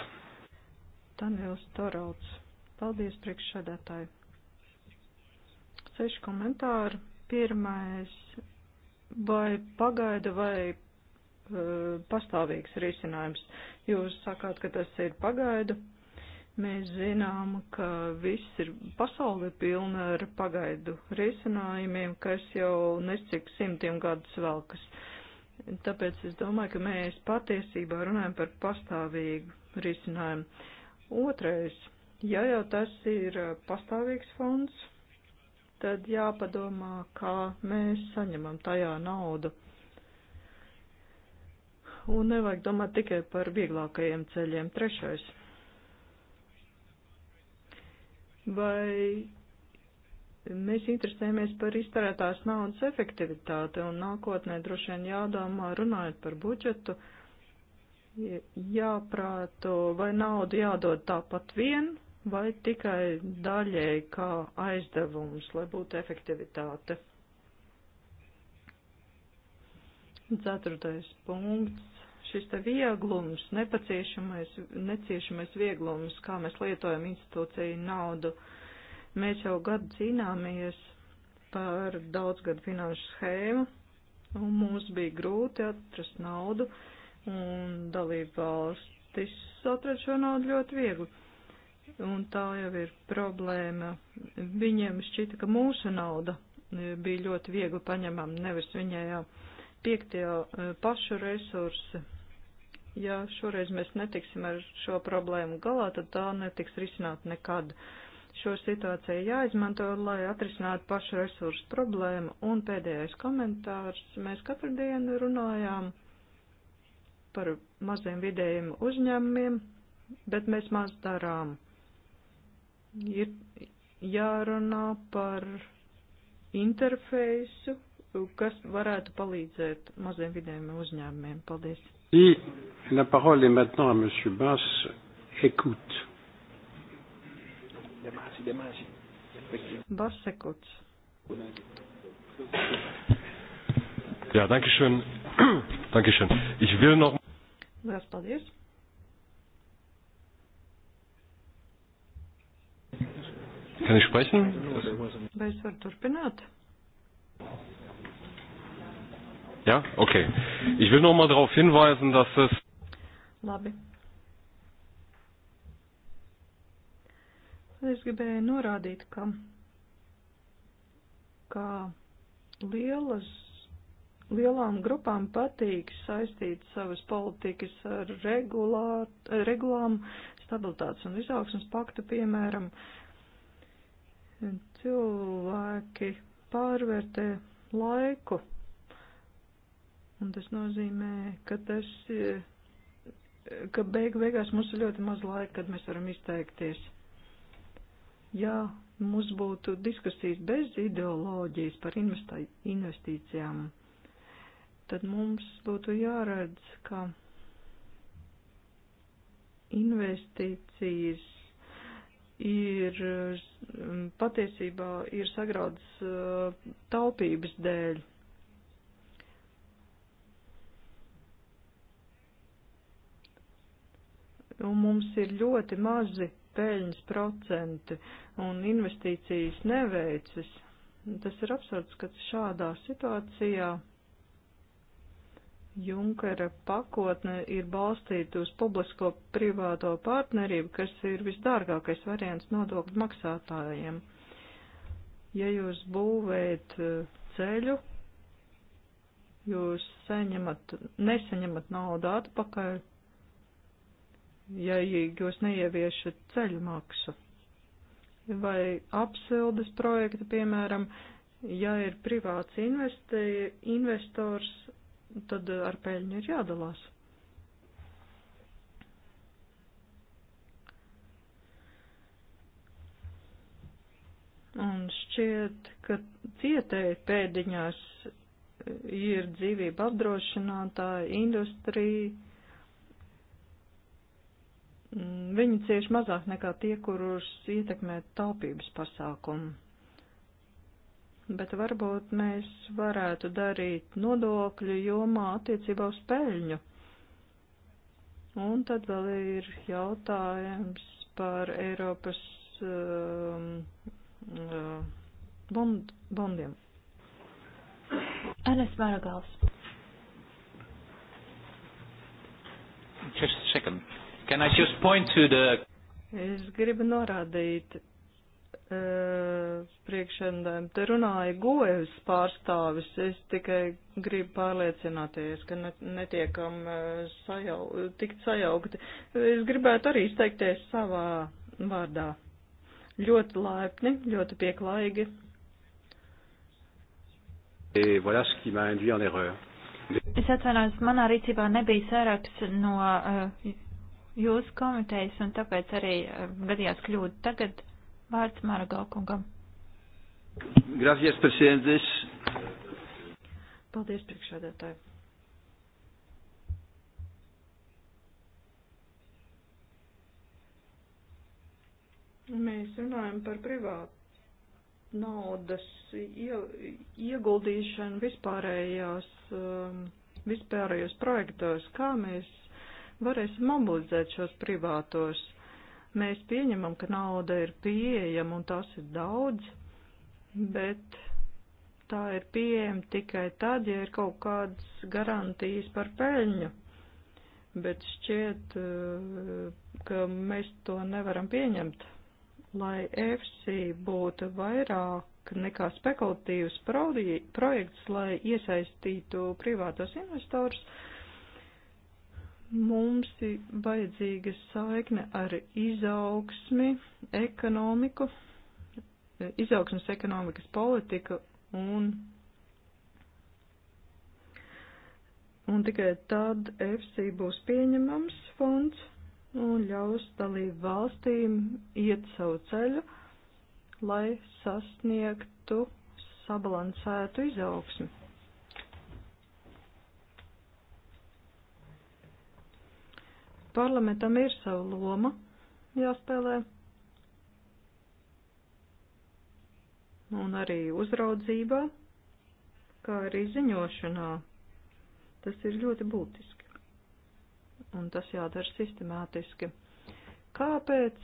Daniels Torvalds. Paldies, priekšsādātāji. Seši komentāri. Pirmais, vai pagaida vai uh, pastāvīgs risinājums? Jūs sakāt, ka tas ir pagaida. Uh, Mēs zinām, ka viss ir pasauli pilna ar pagaidu risinājumiem, kas jau nesik simtiem gadus velkas. Tāpēc es domāju, ka mēs patiesībā runājam par pastāvīgu risinājumu. Otrais, ja jau tas ir pastāvīgs fonds, tad jāpadomā, kā mēs saņemam tajā naudu. Un nevajag domāt tikai par vieglākajiem ceļiem. Trešais vai mēs interesējamies par iztērētās naudas efektivitāti un nākotnē droši vien jādomā runājot par budžetu, jāprāto, vai naudu jādod tāpat vien, vai tikai daļēji kā aizdevums, lai būtu efektivitāte. Ceturtais punkts šis te vieglums, nepaciešamais, neciešamais vieglums, kā mēs lietojam institūciju naudu. Mēs jau gadu cīnāmies par daudzgadu finanšu schēmu, un mums bija grūti atrast naudu, un dalību valstis atrast šo naudu ļoti viegli. Un tā jau ir problēma. Viņiem šķita, ka mūsu nauda e, bija ļoti viegli paņemama, nevis viņai jau piektie e, pašu resursi ja šoreiz mēs netiksim ar šo problēmu galā, tad tā netiks risināt nekad. Šo situāciju jāizmanto, lai atrisinātu pašu resursu problēmu. Un pēdējais komentārs. Mēs katru dienu runājām par maziem vidējiem uzņēmumiem, bet mēs maz darām. Ir jārunā par interfeisu, kas varētu palīdzēt maziem vidējiem uzņēmumiem. Paldies! Et la parole est maintenant à M. Bass. Écoute. Bass écoute. Ja, danke schön. danke schön. Ich will noch. Lielas paldies. Kann ich sprechen? Vai es var turpināt? Ja, okay. Ich will noch mal darauf hinweisen, dass es. Labi. Es gribēju norādīt, ka, ka lielas, lielām grupām patīk saistīt savas politikas ar regulā, regulām, stabilitātes un izaugsmas paktu, piemēram, cilvēki pārvērtē laiku Un tas nozīmē, ka tas, eh, ka beig beigās mums ir ļoti maz laika, kad mēs varam izteikties. Jā, mums būtu diskusijas bez ideoloģijas par investīcijām, tad mums būtu jāredz, ka investīcijas ir patiesībā ir sagraudas eh, taupības dēļ un mums ir ļoti mazi peļņas procenti un investīcijas neveicas. Tas ir absurds, ka šādā situācijā Junkera pakotne ir balstīta uz publisko-privāto partnerību, kas ir visdārgākais variants nodokļu maksātājiem. Ja jūs būvējat uh, ceļu, jūs saņemat, nesaņemat naudu atpakaļ, ja jūs neieviešat ceļu maksu. Vai apsildes projekta, piemēram, ja ir privāts investē, investors, tad ar peļņu ir jādalās. Un šķiet, ka cietēji pēdiņās ir dzīvība apdrošinātāja, industrija, Mm, viņi cieši mazāk nekā tie, kurus ietekmē taupības pasākumu. Bet varbūt mēs varētu darīt nodokļu jomā attiecībā uz peļņu. Un tad vēl ir jautājums par Eiropas um, uh, bond, bondiem. Enes Varagals. Just a second. Can I just point to the... Es gribu norādīt uh, eh, priekšendēm. Te runāja goevs pārstāvis. Es tikai gribu pārliecināties, ka netiekam uh, sajau, tikt sajaukti. Es gribētu arī izteikties savā vārdā. Ļoti laipni, ļoti pieklājīgi. Et voilà ce qui m'a induit en erreur. Es atvainojos, manā rīcībā nebija saraksts no uh, jūsu komitejas, un tāpēc arī eh, gadījās kļūda. Tagad vārds Margo kungam. Gracias, presidentes. Paldies, priekšādātāji. Mēs runājam par privātu naudas ieguldīšanu vispārējās, um, vispārējos projektos, kā mēs varēs mobilizēt šos privātos. Mēs pieņemam, ka nauda ir pieejama un tās ir daudz, bet tā ir pieejama tikai tad, ja ir kaut kādas garantijas par peļņu. Bet šķiet, eh, ka mēs to nevaram pieņemt. Lai EFSI būtu vairāk nekā spekulatīvs projekts, lai iesaistītu privātos investorus, Mums ir vajadzīga saikne ar izaugsmi, ekonomiku, izaugsmas ekonomikas politika un un tikai tad EFSI būs pieņemams fonds un ļaus dalību valstīm iet savu ceļu, lai sasniegtu sabalansētu izaugsmi. Parlamentam ir sava loma jāspēlē. Un arī uzraudzībā, kā arī ziņošanā. Tas ir ļoti būtiski. Un tas jādara sistemātiski. Kāpēc?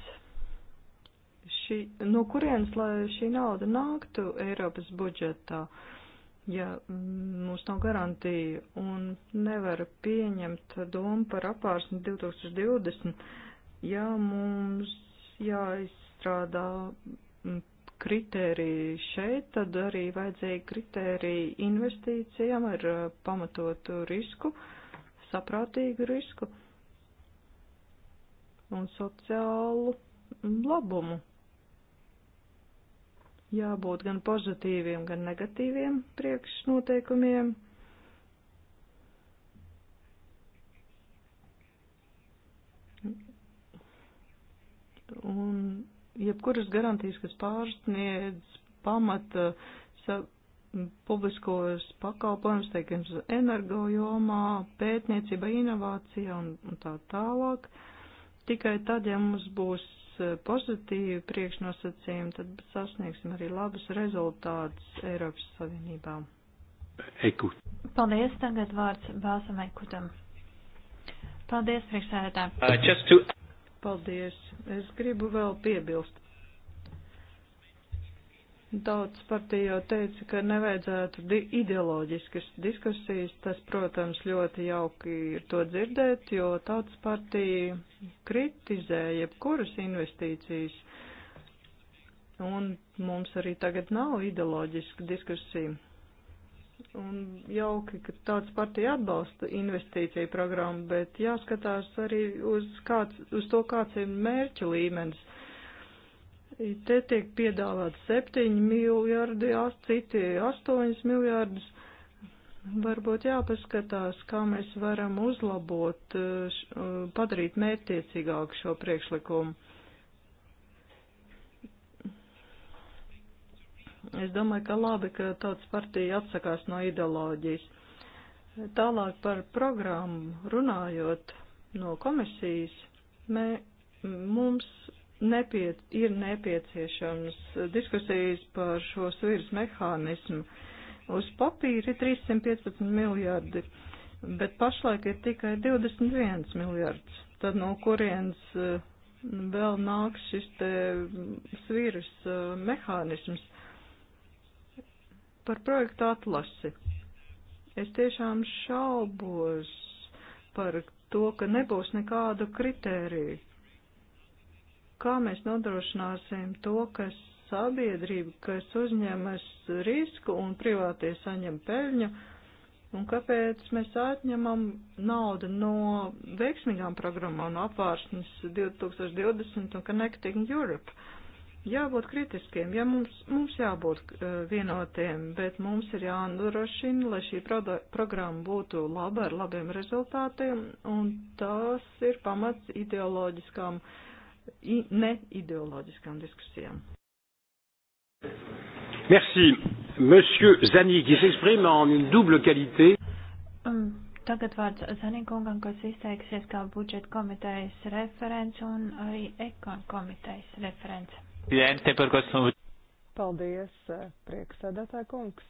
Šī, no kurienes, lai šī nauda nāktu Eiropas budžetā? Uh, ja mm, mums nav garantija un nevar pieņemt domu par apārsni 2020, ja mums jāizstrādā mm, kritēriji šeit, tad arī vajadzēja kritēriji investīcijām ar uh, pamatotu risku, saprātīgu risku un sociālu mm, labumu jābūt gan pozitīviem, gan negatīviem priekšnoteikumiem. Un jebkuras garantijas, kas pārsniedz pamata publiskos pakalpojumus, teikam, energojomā, pētniecība, inovācija un, un tā tālāk. Tikai tad, ja mums būs Eh, pozitīvi priekšnosacījumi, tad sasniegsim arī labus rezultātus Eiropas Savienībā. Eku. Paldies, tagad vārds Bāzam Ekutam. Paldies, priekšsēdētāji. Uh, to... Paldies. Es gribu vēl piebilst. Daudz partija jau teica, ka nevajadzētu di ideoloģiskas diskusijas. Tas, protams, ļoti jauki ir to dzirdēt, jo tautas partija kritizē jebkuras investīcijas. Un mums arī tagad nav ideoloģiska diskusija. Un jauki, ka tāds partija atbalsta investīciju programmu, bet jāskatās arī uz, kāds, uz to, kāds ir mērķa līmenis Te tiek piedāvāts 7 miljardi, citi 8 miljardus. Varbūt jāpaskatās, kā mēs varam uzlabot, eh, eh, padarīt mērķtiecīgāku šo priekšlikumu. Es domāju, ka labi, ka tautas partija atsakās no ideoloģijas. Tālāk par programmu runājot no komisijas, mē, mums nepiec ir nepieciešams diskusijas par šo sviras mehānismu. Uz papīra ir 315 miljardi, bet pašlaik ir tikai 21 miljards. Tad no kurienes eh, vēl nāk šis te sviras eh, mehānisms par projektu atlasi. Es tiešām šaubos par to, ka nebūs nekādu kritēriju kā mēs nodrošināsim to, ka sabiedrība, kas uzņemas risku un privātie saņem peļņu, un kāpēc mēs atņemam naudu no veiksmīgām programmām, no apvārsnes 2020 un Connecting Europe. Jābūt kritiskiem, ja mums, mums jābūt eh, vienotiem, bet mums ir jānodrošina, lai šī programma būtu laba ar labiem rezultātiem, un tas ir pamats ideoloģiskām uh, i neideoloģiskām diskusijām. Merci. Monsieur Zani, qui s'exprime en une double qualité. Um. Tagad vārds Zanīkungam, kas izteiksies kā budžeta komitejas referents un arī ekon komitejas referents. Paldies, eh, prieksēdētāj kungs.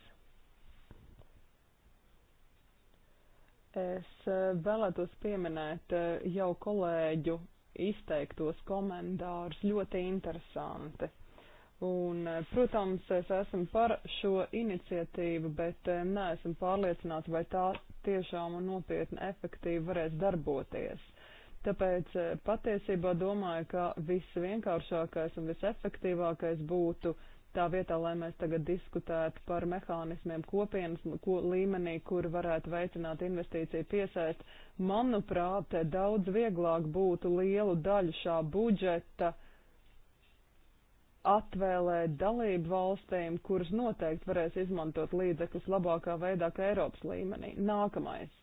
Es eh, vēlētos pieminēt eh, jau kolēģu izteiktos komentārus ļoti interesanti. Un, eh, protams, es esmu par šo iniciatīvu, bet eh, neesmu pārliecināts, vai tā tiešām un nopietni efektīvi varēs darboties. Tāpēc eh, patiesībā domāju, ka viss vienkāršākais un visefektīvākais būtu uh, tā vietā, lai mēs tagad diskutētu par mehānismiem kopienas ko, līmenī, kur varētu veicināt investīciju piesaist, manuprāt, daudz vieglāk būtu lielu daļu šā budžeta atvēlēt dalību valstīm, kuras noteikti varēs izmantot līdzekļus labākā veidā, kā Eiropas līmenī. Nākamais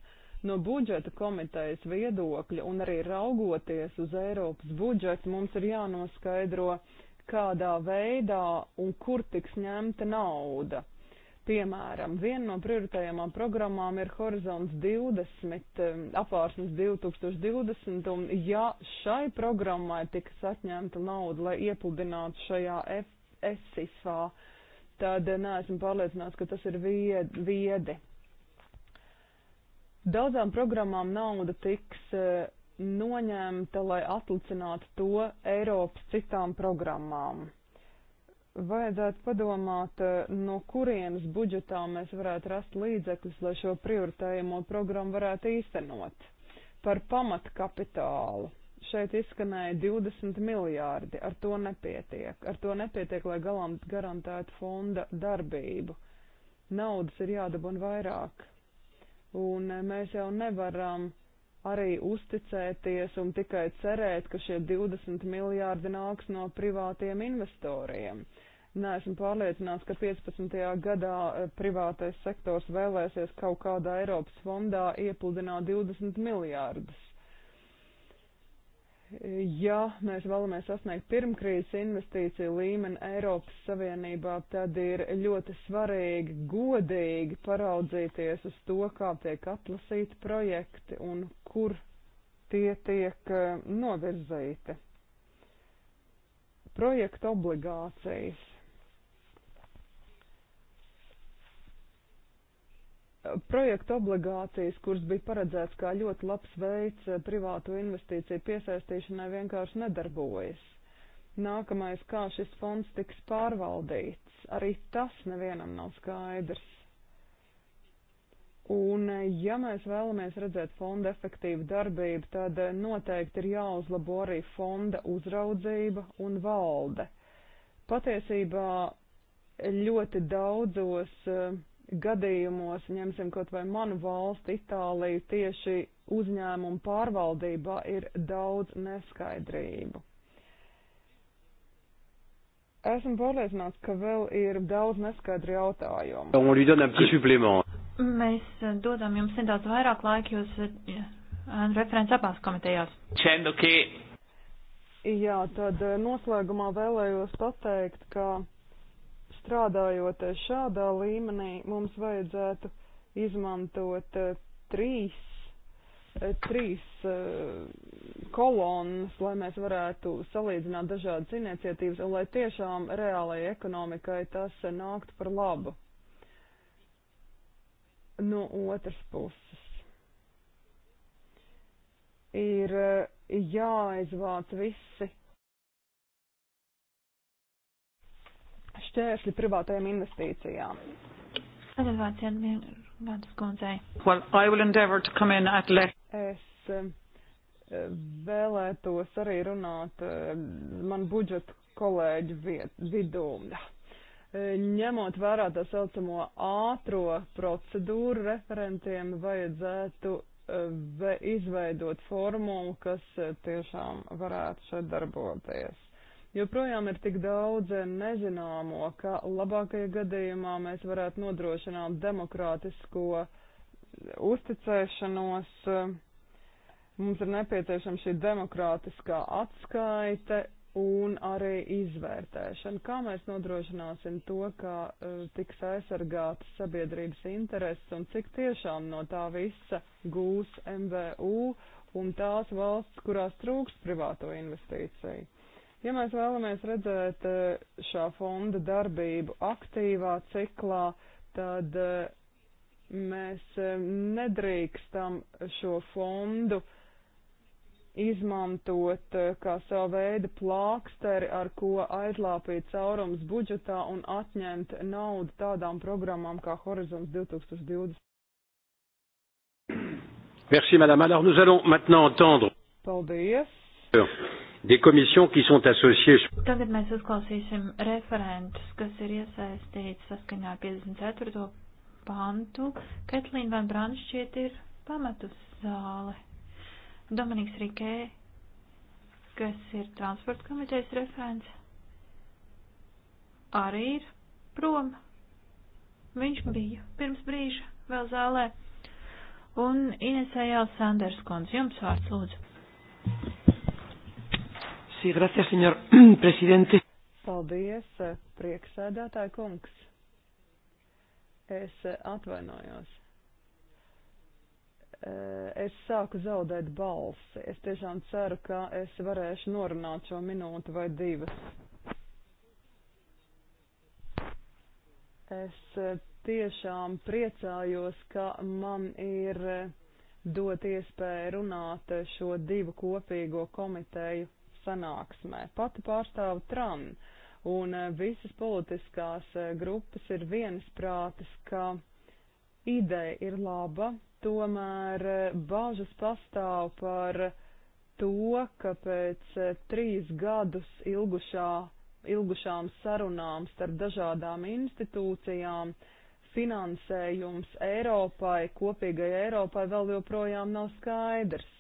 no budžeta komitejas viedokļa un arī raugoties uz Eiropas budžetu, mums ir jānoskaidro, kādā veidā un kur tiks ņemta nauda. Piemēram, viena no prioritējumām programmām ir Horizons 20, um, apvārsnes 2020, un ja šai programmai tiks atņemta nauda, lai iepludinātu šajā SIFā, tad uh, neesmu pārliecināts, ka tas ir viedi. Daudzām programmām nauda tiks uh, noņemta, lai atlicinātu to Eiropas citām programmām. Vajadzētu padomāt, eh, no kurienes budžetā mēs varētu rast līdzekļus, lai šo prioritējumu programmu varētu īstenot. Par pamatkapitālu. Šeit izskanēja 20 miljārdi, ar to nepietiek. Ar to nepietiek, lai galam garantētu fonda darbību. Naudas ir jādabun vairāk. Un eh, mēs jau nevaram uh, arī uzticēties un tikai cerēt, ka šie 20 miljārdi nāks no privātiem investoriem. Nē, esmu pārliecināts, ka 15. gadā eh, privātais sektors vēlēsies kaut kādā Eiropas fondā iepludināt 20 miljārdus ja mēs vēlamies sasniegt pirmkrīzes investīciju līmeni Eiropas Savienībā, tad ir ļoti svarīgi godīgi paraudzīties uz to, kā tiek atlasīti projekti un kur tie tiek eh, novirzīti. Projekta obligācijas projektu obligācijas, kuras bija paredzēts kā ļoti labs veids eh, privātu investīciju piesaistīšanai, vienkārši nedarbojas. Nākamais, kā šis fonds tiks pārvaldīts, arī tas nevienam nav skaidrs. Un, eh, ja mēs vēlamies redzēt fonda efektīvu darbību, tad eh, noteikti ir jāuzlabo arī fonda uzraudzība un valde. Patiesībā ļoti daudzos uh, gadījumos, ņemsim kaut vai manu valsti, Itāliju, tieši uzņēmumu pārvaldībā ir daudz neskaidrību. Esmu pārliecināts, ka vēl ir daudz neskaidru jautājumu. Mēs eh, dodam jums nedaudz vairāk laika, jūs eh, eh, referents abās komitejās. Čendu, okay. Jā, tad noslēgumā vēlējos pateikt, ka strādājot šādā līmenī, mums vajadzētu izmantot eh, trīs, eh, trīs eh, kolonnas, lai mēs varētu salīdzināt dažādas iniciatīvas un lai tiešām reālajai ekonomikai tas nāktu par labu. No otras puses ir jāizvāc visi šķēršļi privātajām investīcijām. Tagad vārds Jānis Kundzei. Well, I will endeavor to come in at less. Es eh, vēlētos arī runāt eh, man budžeta kolēģu viet, vidū. Eh, ņemot vērā tā saucamo ātro procedūru, referentiem vajadzētu izveidot formulu, kas tiešām varētu šeit darboties. Joprojām ir tik daudz nezināmo, ka labākajā gadījumā mēs varētu nodrošināt demokrātisko uzticēšanos. Mums ir nepieciešama šī demokrātiskā atskaite un arī izvērtēšana. Kā mēs nodrošināsim to, ka uh, tiks aizsargātas sabiedrības intereses un cik tiešām no tā visa gūs MVU un tās valsts, kurās trūks privāto investīciju? Ja mēs vēlamies redzēt eh, šā fonda darbību aktīvā ciklā, tad eh, mēs eh, nedrīkstam šo fondu izmantot kā savu veidu plāksteri, ar ko aizlāpīt caurums budžetā un atņemt naudu tādām programmām kā Horizons 2020. Merci, madame. Alors, nous allons maintenant entendre. Paldies. Jā des commissions qui sont associées. Tagad mēs uzklausīsim referentus, kas ir iesaistīts saskaņā 54. pantu. Ketlīna Van Branšķiet ir pamatus zāle. Dominiks Rikē, kas ir transporta komitejas referents, arī ir prom. Viņš bija pirms brīža vēl zālē. Un Inesējāls Sanders kundze, jums vārds lūdzu. Sí, gracias, señor presidente. Paldies, prieksēdētāja kungs. Es atvainojos. Eh, es sāku zaudēt balsi. Es tiešām ceru, ka es varēšu norunāt šo minūtu vai divas. Es eh, tiešām priecājos, ka man ir eh, dot iespēju runāt šo divu kopīgo komiteju sanāksmē. Pati pārstāvu tram, un e, visas politiskās e, grupas ir viensprātis, ka ideja ir laba, tomēr e, bāžas pastāv par to, ka pēc trīs gadus ilgušā, ilgušām sarunām starp dažādām institūcijām finansējums Eiropai, kopīgai Eiropai vēl joprojām nav skaidrs.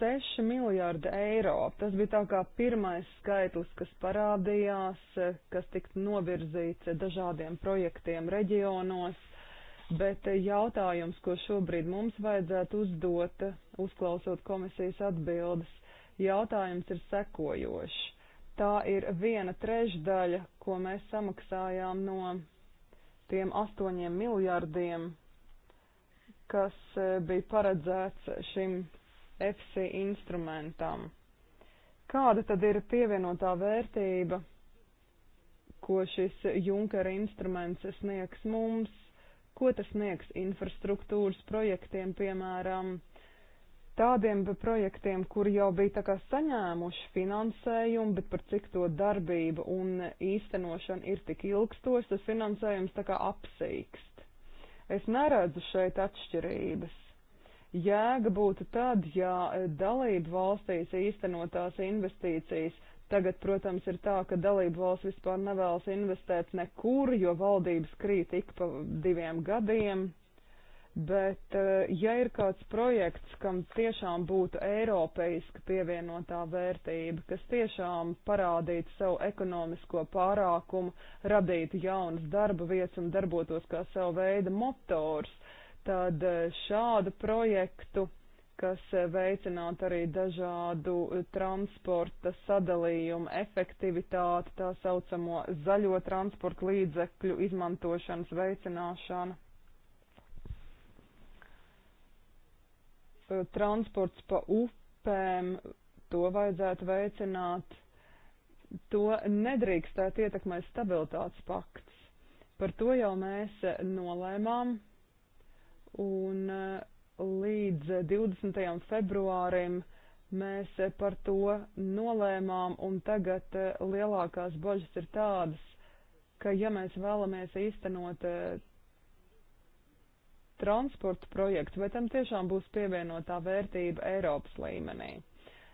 6 miljārdi eiro. Tas bija tā kā pirmais skaitlis, kas parādījās, kas tiks novirzīts dažādiem projektiem reģionos, bet jautājums, ko šobrīd mums vajadzētu uzdot, uzklausot komisijas atbildes, jautājums ir sekojošs. Tā ir viena trešdaļa, ko mēs samaksājām no tiem astoņiem miljārdiem, kas eh, bija paredzēts šim EFSI instrumentam. Kāda tad ir pievienotā vērtība, ko šis Junkera instruments sniegs mums, ko tas sniegs infrastruktūras projektiem, piemēram, tādiem projektiem, kur jau bija tā kā saņēmuši finansējumu, bet par cik to darbība un īstenošana ir tik ilgstoša, tas finansējums tā kā apsīkst. Es neredzu šeit atšķirības. Jēga būtu tad, ja e, dalību valstīs īstenotās investīcijas Tagad, protams, ir tā, ka dalību valsts vispār nevēlas investēt nekur, jo valdības krīt ik pa diviem gadiem. Bet, e, ja ir kāds projekts, kam tiešām būtu eiropeiska pievienotā vērtība, kas tiešām parādītu savu ekonomisko pārākumu, radītu jaunas darba vietas un darbotos kā savu veidu motors, tad e, šādu projektu, kas e, veicinātu arī dažādu e, transporta sadalījumu efektivitāti, tā saucamo zaļo transporta līdzekļu izmantošanas veicināšanu. Transports pa upēm, to vajadzētu veicināt. To nedrīkstētu ietekmēt stabilitātes pakts. Par to jau mēs nolēmām un eh, līdz 20. februārim mēs par to nolēmām, un tagad eh, lielākās bažas ir tādas, ka ja mēs vēlamies īstenot eh, transporta projektu, vai tam tiešām būs pievienotā vērtība Eiropas līmenī.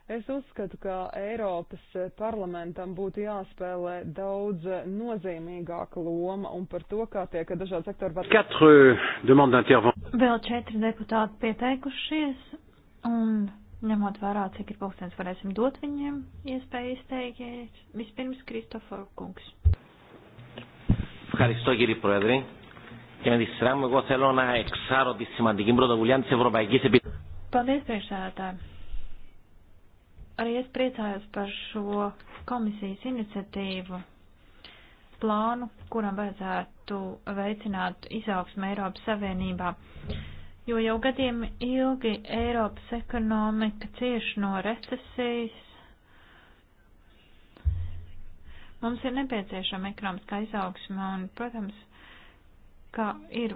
Es uzskatu, ka Eiropas parlamentam būtu jāspēlē daudz nozīmīgāka loma un par to, kā tiek dažādi sektori var. Katru, Vēl četri deputāti pieteikušies un ņemot vērā, cik ir pulkstens, varēsim dot viņiem iespēju izteikties. Vispirms Kristoforu kungs. Ευχαριστώ κύριε Πρόεδρε. Και με τη σειρά μου εγώ θέλω να εξάρω τη σημαντική πρωτοβουλία της Ευρωπαϊκής Επιτροπής. Paldies, priekšsēdētāji. Arī es priecājos par šo komisijas iniciatīvu plānu, kuram vajadzētu veicināt izaugsmu Eiropas Savienībā, jo jau gadiem ilgi Eiropas ekonomika cieš no recesijas. Mums ir nepieciešama ekonomiskā izaugsma un, protams, ka ir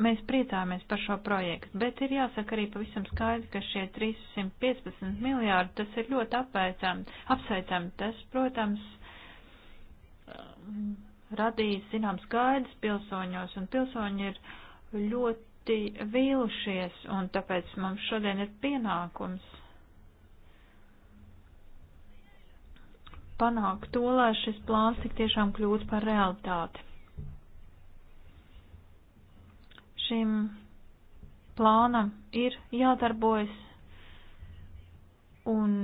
Mēs priecāmies par šo projektu, bet ir jāsaka arī pavisam skaidri, ka šie 315 miljārdi, tas ir ļoti apveicami, apsveicami. Tas, protams, um, radīs, zinām, skaidrs pilsoņos, un pilsoņi ir ļoti vīlušies, un tāpēc mums šodien ir pienākums panākt to, lai šis plāns tik tiešām kļūst par realitāti. šim plānam ir jādarbojas, un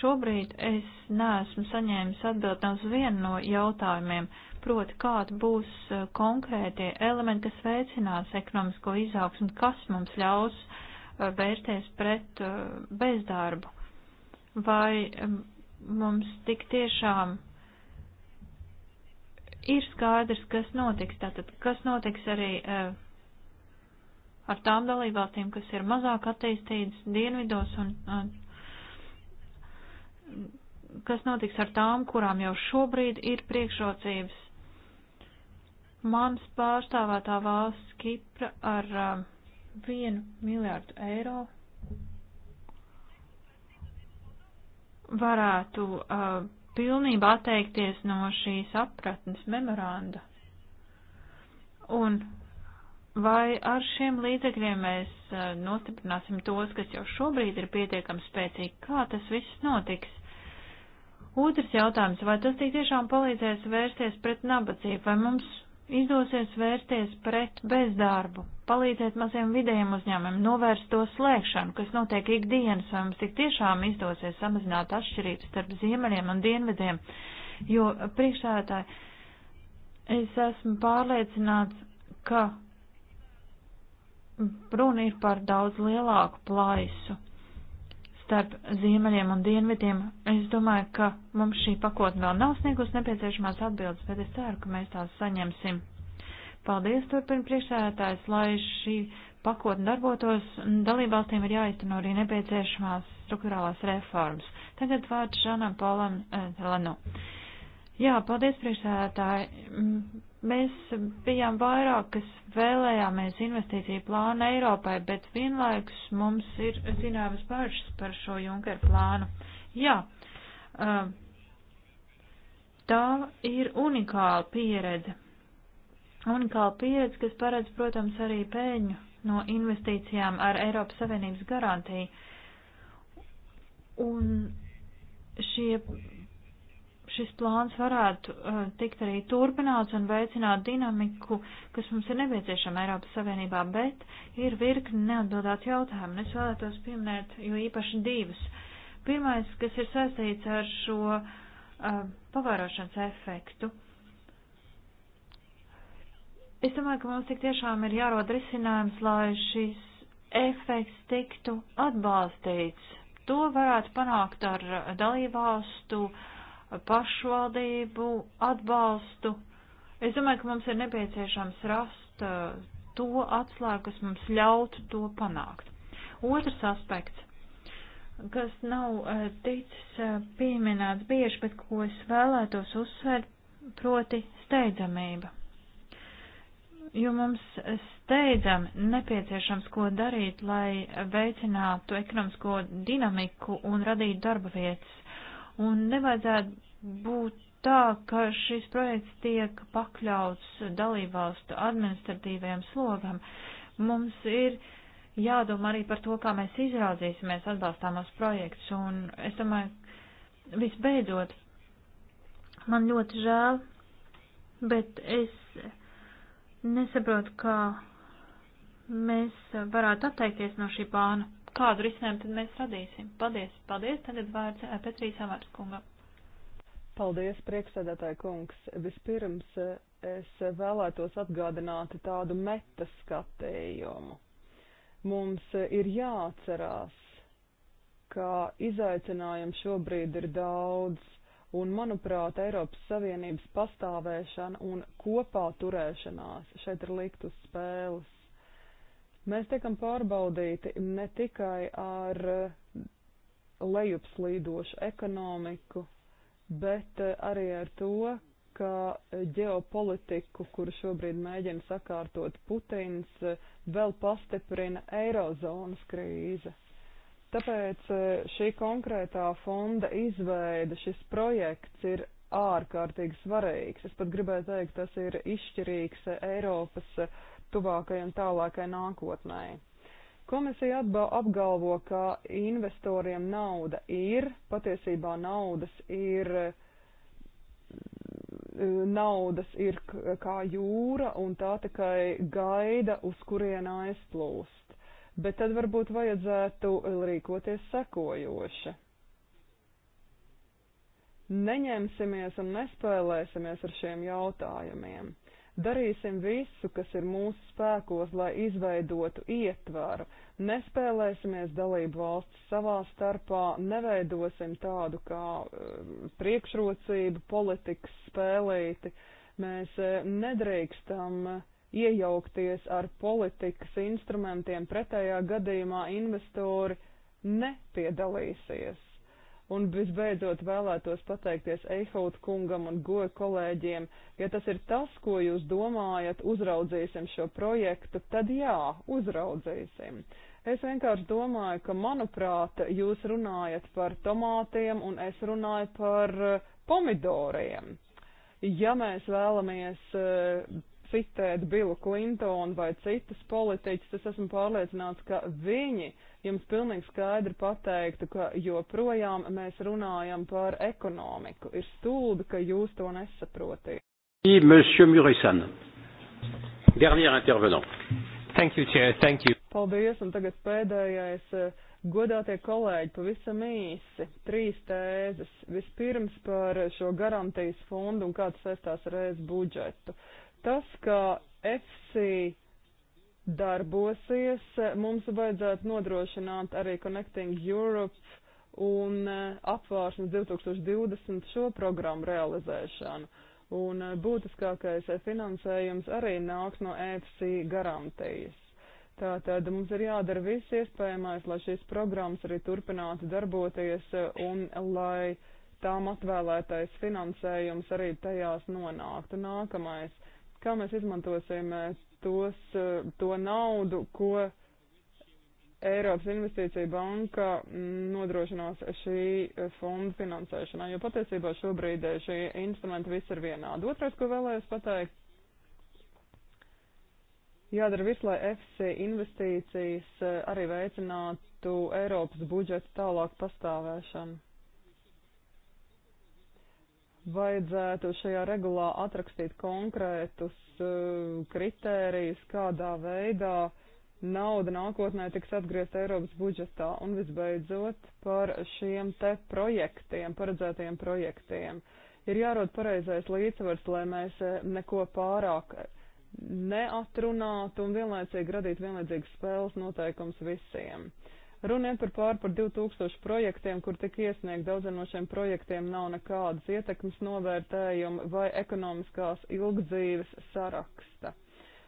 šobrīd es neesmu saņēmis atbildi uz vienu no jautājumiem, proti, kādi būs e, konkrētie elementi, kas veicinās ekonomisko izaugsmu, kas mums ļaus e, vērsties pret e, bezdarbu. Vai mums tik tiešām ir skaidrs, kas notiks, tātad kas notiks arī ar tām dalībvalstīm, kas ir mazāk attīstītas dienvidos un, un kas notiks ar tām, kurām jau šobrīd ir priekšrocības. Mans pārstāvētā valsts Kipra ar um, vienu miljārdu eiro varētu uh, pilnībā atteikties no šīs apratnes memoranda. Un Vai ar šiem līdzekļiem mēs e, nostiprināsim tos, kas jau šobrīd ir pietiekami spēcīgi? Kā tas viss notiks? Otrs jautājums, vai tas tik tiešām palīdzēs vērsties pret nabadzību, vai mums izdosies vērsties pret bezdarbu, palīdzēt maziem vidējiem uzņēmumiem, novērst to slēgšanu, kas notiek ikdienas, vai mums tik tiešām izdosies samazināt atšķirības starp ziemeļiem un dienvidiem, jo priekšsēdētāji, es esmu pārliecināts, ka runa ir par daudz lielāku plaisu starp ziemeļiem un dienvidiem. Es domāju, ka mums šī pakotne vēl nav sniegus nepieciešamās atbildes, bet es ceru, ka mēs tās saņemsim. Paldies, turpina priekšsēdētājs, lai šī pakotne darbotos, dalībvalstīm ir jāizteno arī nepieciešamās struktūrālās reformas. Tagad vārds Žanam Polam Telenu. Eh, Jā, paldies, priekšsēdētāji mm, Mēs bijām vairāk, kas vēlējāmies investīciju plānu Eiropai, bet vienlaikus mums ir zināmas bažas par šo Junker plānu. Jā, uh, tā ir unikāla pieredze. Unikāla pieredze, kas paredz, protams, arī pēļņu no investīcijām ar Eiropas Savienības garantiju. Un šie šis plāns varētu uh, tikt arī turpināts un veicināt dinamiku, kas mums ir nepieciešama Eiropas Savienībā, bet ir virkni neatbildāts jautājumi, un es vēlētos pieminēt jo īpaši divus. Pirmais, kas ir saistīts ar šo uh, pavērošanas efektu. Es domāju, ka mums tik tiešām ir jārod risinājums, lai šis efekts tiktu atbalstīts. To varētu panākt ar uh, dalībvalstu uh, pašvaldību atbalstu. Es domāju, ka mums ir nepieciešams rast uh, to atslēgu, kas mums ļautu to panākt. Otrs aspekts, kas nav uh, ticis uh, pieminēts bieži, bet ko es vēlētos uzsvērt, proti steidzamība. Jo mums steidzami nepieciešams, ko darīt, lai veicinātu ekonomisko dinamiku un radītu darba vietas un nevajadzētu būt tā, ka šis projekts tiek pakļauts dalībvalstu administratīvajam slogam. Mums ir jādomā arī par to, kā mēs izraudzīsimies atbalstāmos projekts, un es domāju, visbeidzot, man ļoti žēl, bet es nesaprotu, kā mēs varētu atteikties no šī plāna kādu risinājumu tad mēs radīsim. Paldies, paldies, tagad vārds eh, Petrīs Amārs kungam. Paldies, priekšsēdētāji kungs. Vispirms eh, es vēlētos atgādināt tādu metaskatījumu. Mums eh, ir jāatcerās, ka izaicinājumu šobrīd ir daudz, un, manuprāt, Eiropas Savienības pastāvēšana un kopā turēšanās šeit ir likt uz spēles Mēs tiekam pārbaudīti ne tikai ar eh, lejupslīdošu ekonomiku, bet eh, arī ar to, ka ģeopolitiku, kuru šobrīd mēģina sakārtot Putins, eh, vēl pastiprina eirozonas krīze. Tāpēc šī konkrētā fonda izveida, šis projekts ir ārkārtīgi svarīgs. Es pat gribēju teikt, tas ir izšķirīgs Eiropas tuvākajai un tālākai nākotnē. Komisija apgalvo, ka investoriem nauda ir, patiesībā naudas ir, naudas ir kā jūra un tā tikai gaida, uz kurien aizplūst. Bet tad varbūt vajadzētu rīkoties sekojoši neņemsimies un nespēlēsimies ar šiem jautājumiem. Darīsim visu, kas ir mūsu spēkos, lai izveidotu ietvaru. Nespēlēsimies dalību valsts savā starpā, neveidosim tādu kā eh, priekšrocību, politikas spēlīti. Mēs eh, nedrīkstam iejaukties ar politikas instrumentiem, pretējā gadījumā investori nepiedalīsies. Un visbeidzot vēlētos pateikties Eihaut kungam un goja kolēģiem, ja tas ir tas, ko jūs domājat, uzraudzīsim šo projektu, tad jā, uzraudzīsim. Es vienkārši domāju, ka, manuprāt, jūs runājat par tomātiem un es runāju par eh, pomidoriem. Ja mēs vēlamies eh, citēt Billu Klintonu vai citus politiķus, es esmu pārliecināts, ka viņi jums pilnīgi skaidri pateiktu, ka joprojām mēs runājam par ekonomiku. Ir stulbi, ka jūs to nesaprotiet. Monsieur Murisan, dernier intervenant. Thank you, Chair. Thank you. Paldies, un tagad pēdējais. Eh, godātie kolēģi, pavisam īsi, trīs tēzes. Vispirms par šo garantijas fondu un kā tas saistās ar ES budžetu. Uh, Tas, kā FC darbosies, mums vajadzētu nodrošināt arī Connecting Europe un e, apvāršanas 2020 šo programmu realizēšanu. Un e, būtiskākais e, finansējums arī nāks no EFC garantijas. Tātad mums ir jādara viss iespējamais, lai šīs programmas arī turpinātu darboties un lai tām atvēlētais finansējums arī tajās nonāktu. Nākamais Kā mēs izmantosim eh, tos, eh, to naudu, ko Eiropas Investīcija banka mm, nodrošinās šī eh, fonda finansēšanā, jo patiesībā šobrīd šie instrumenti viss ir vienādi. Otrais, ko vēlējos pateikt, jādara viss, lai FC investīcijas arī veicinātu Eiropas budžeta tālāk pastāvēšanu vajadzētu šajā regulā atrakstīt konkrētus uh, kritērijus, kādā veidā nauda nākotnē tiks atgriezt Eiropas budžetā un visbeidzot par šiem te projektiem, paredzētajiem projektiem. Ir jārod pareizais līdzsvars, lai mēs eh, neko pārāk neatrunātu un vienlaicīgi radītu vienlaicīgas spēles noteikums visiem. Uh, Runiet par pār par 2000 projektiem, kur tik iesniegt daudziem no šiem projektiem nav nekādas ietekmes novērtējuma vai ekonomiskās ilgdzīves saraksta.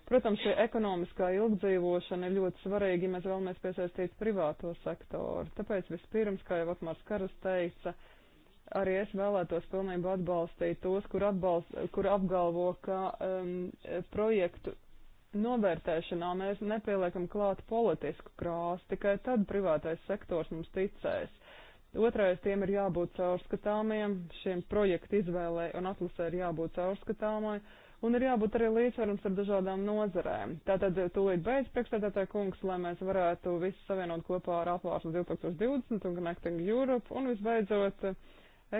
Protams, šī ekonomiskā ilgdzīvošana ir ļoti svarīga, ja mēs vēlamies piesaistīt privāto sektoru. Tāpēc vispirms, kā jau Atmārs Karas teica, arī es vēlētos pilnībā atbalstīt tos, kur, atbalst, kur apgalvo, ka um, projektu novērtēšanā mēs nepieliekam klāt politisku krāsu, tikai tad privātais sektors mums ticēs. Otrais, tiem ir jābūt caurskatāmiem, šiem projektu izvēlē un atlasē ir jābūt caurskatāmai, un ir jābūt arī līdzsvarams ar dažādām nozarēm. Tātad eh, tūlīt beidz priekšstādātāja kungs, lai mēs varētu visu savienot kopā ar apvārsnu 2020 un Connecting Europe, un visbeidzot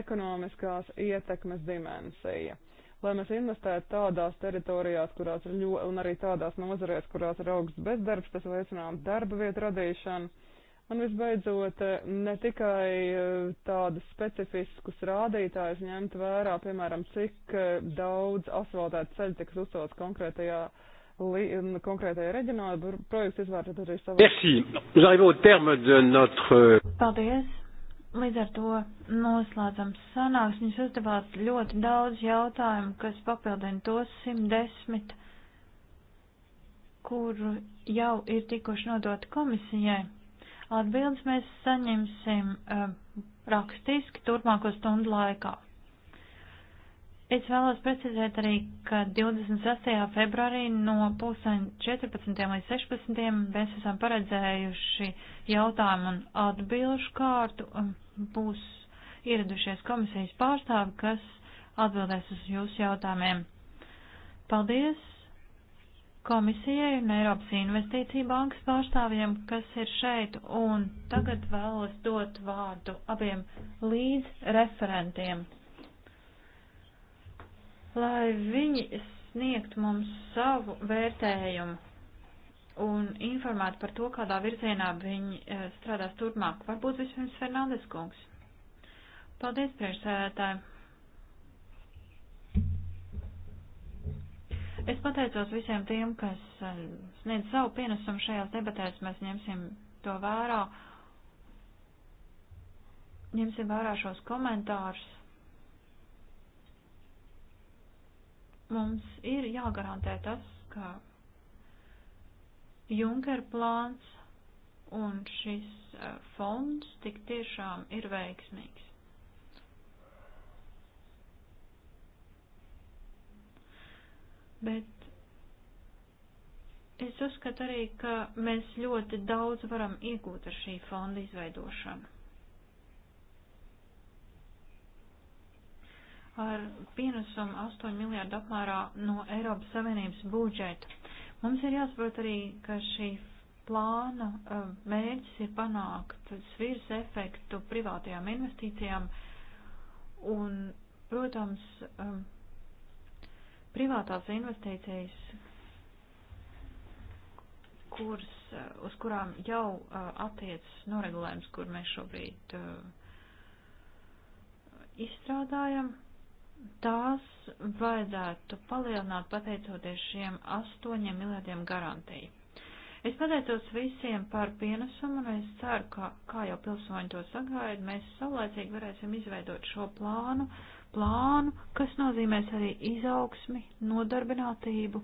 ekonomiskās ietekmes dimensija lai mēs investētu tādās teritorijās, kurās ir ļoti, un arī tādās nozarēs, kurās ir augsts bezdarbs, tas veicinātu darba vietu radīšanu. Un visbeidzot, ne tikai eh, tādus specifiskus rādītājus ņemt vērā, piemēram, cik eh, daudz asfaltētu ceļu tiks uzcelts konkrētajā mm, konkrētajā reģionā, projekts izvērtēt arī savā. Merci. Nous arrivons au terme de notre. Paldies. Līdz ar to noslēdzam sanāksmes. Jūs uzdevāt ļoti daudz jautājumu, kas papildina tos 110, kuru jau ir tikuši nodoti komisijai. Atbildes mēs saņemsim uh, rakstiski turpmāko stundu laikā. Es vēlos precizēt arī, ka 26. februārī no pusēm 14. līdz 16. mēs esam paredzējuši jautājumu un atbilžu kārtu. Um, būs ieradušies komisijas pārstāvi, kas atbildēs uz jūsu jautājumiem. Paldies komisijai un Eiropas investīcija bankas pārstāvjiem, kas ir šeit, un tagad vēlas dot vārdu abiem līdz referentiem, lai viņi sniegt mums savu vērtējumu un informēt par to, kādā virzienā viņi eh, strādās turpmāk. Varbūt vispirms Fernandes kungs. Paldies, priekšsēdētāji. Es pateicos visiem tiem, kas eh, sniedz savu pienesumu šajās debatēs. Mēs ņemsim to vērā. Ņemsim vērā šos komentārus. Mums ir jāgarantē tas, ka Junker plāns un šis eh, fonds tik tiešām ir veiksmīgs. Bet es uzskatu arī, ka mēs ļoti daudz varam iegūt ar šī fonda izveidošanu. Ar pienesumu 8 miljārdu apmērā no Eiropas Savienības budžeta Mums ir jāsaprot arī, ka šī plāna eh, mērķis ir panākt svirs efektu privātajām investīcijām un, protams, eh, privātās investīcijas, kuras, eh, uz kurām jau attiecas noregulējums, kur mēs šobrīd izstrādājam, tās vajadzētu palielināt pateicoties šiem astoņiem miljardiem garantiju. Es pateicos visiem par pienesumu un es ceru, ka, kā jau pilsoņi to sagaida, mēs saulēcīgi varēsim izveidot šo plānu, plānu, kas nozīmēs arī izaugsmi, nodarbinātību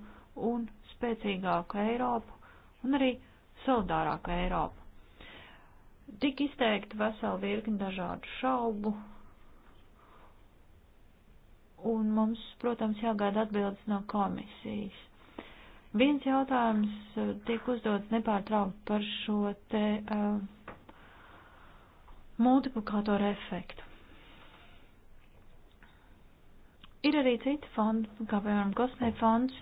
un spēcīgāku Eiropu un arī solidārāku Eiropu. Tik izteikti veseli virkni dažādu šaubu un mums, protams, jāgaida atbildes no komisijas. Viens jautājums eh, tiek uzdots nepārtraukt par šo te uh, multiplikātoru efektu. Ir arī citi fondi, kā piemēram Kosmē fonds,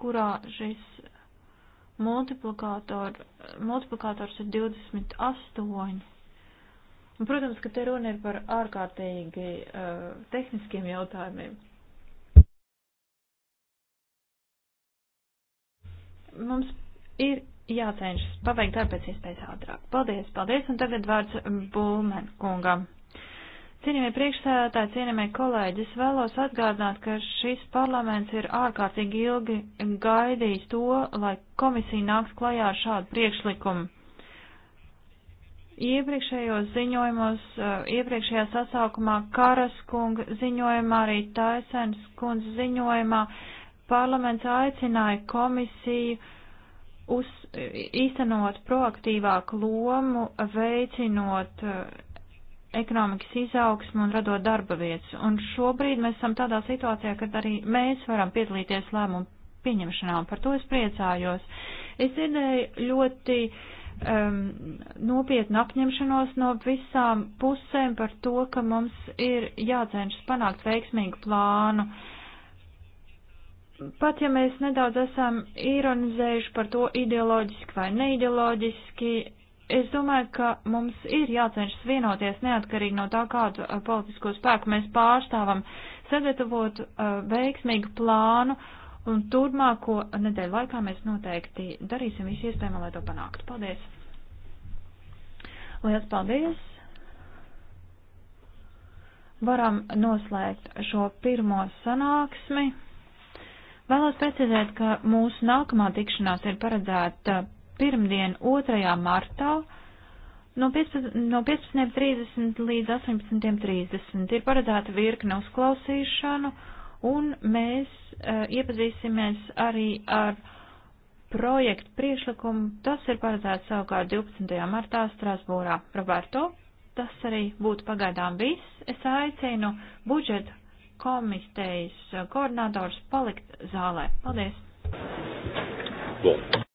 kurā šis multiplikātor, multiplikātors ir 28. Un, nu, protams, ka te runa ir par ārkārtīgi uh, tehniskiem jautājumiem. Mums ir jācenšas pabeigt darbu pēc iespējas ātrāk. Paldies, paldies, un tagad vārds mm, Bulmen kungam. Cienījamie priekšsēdētāji, cienījamie kolēģi, es vēlos atgādināt, ka šis parlaments ir ārkārtīgi ilgi gaidījis to, lai komisija nāks klajā ar šādu priekšlikumu. Iepriekšējos ziņojumos, eh, iepriekšējā sasaukumā Karaskunga ziņojumā, arī Taisens kundze ziņojumā parlaments aicināja komisiju uz, eh, īstenot proaktīvāku lomu, veicinot eh, ekonomikas izaugsmu un radot darba vietas. Un šobrīd mēs esam tādā situācijā, kad arī mēs varam piedalīties lēmumu pieņemšanā, un par to es priecājos. Es dzirdēju ļoti uh, um, nopietnu apņemšanos no visām pusēm par to, ka mums ir jācenšas panākt veiksmīgu plānu. Pat ja mēs nedaudz esam ironizējuši par to ideoloģiski vai neideoloģiski, es domāju, ka mums ir jācenšas vienoties neatkarīgi no tā, kādu uh, politisko spēku mēs pārstāvam, sagatavot uh, veiksmīgu plānu Un turpmāko nedēļu laikā mēs noteikti darīsim visu iespējamo, lai to panāktu. Paldies! Lielas paldies! Varam noslēgt šo pirmo sanāksmi. Vēlos precizēt, ka mūsu nākamā tikšanās ir paredzēta pirmdien 2. martā no 15.30 no 15 līdz 18.30. Ir paredzēta virkne uzklausīšanu un mēs uh, iepazīsimies arī ar projektu priekšlikumu. Tas ir paredzēts savukārt 12. martā Strasbūrā. Roberto, tas arī būtu pagaidām viss. Es aicinu budžeta komitejas koordinators palikt zālē. Paldies! Bon.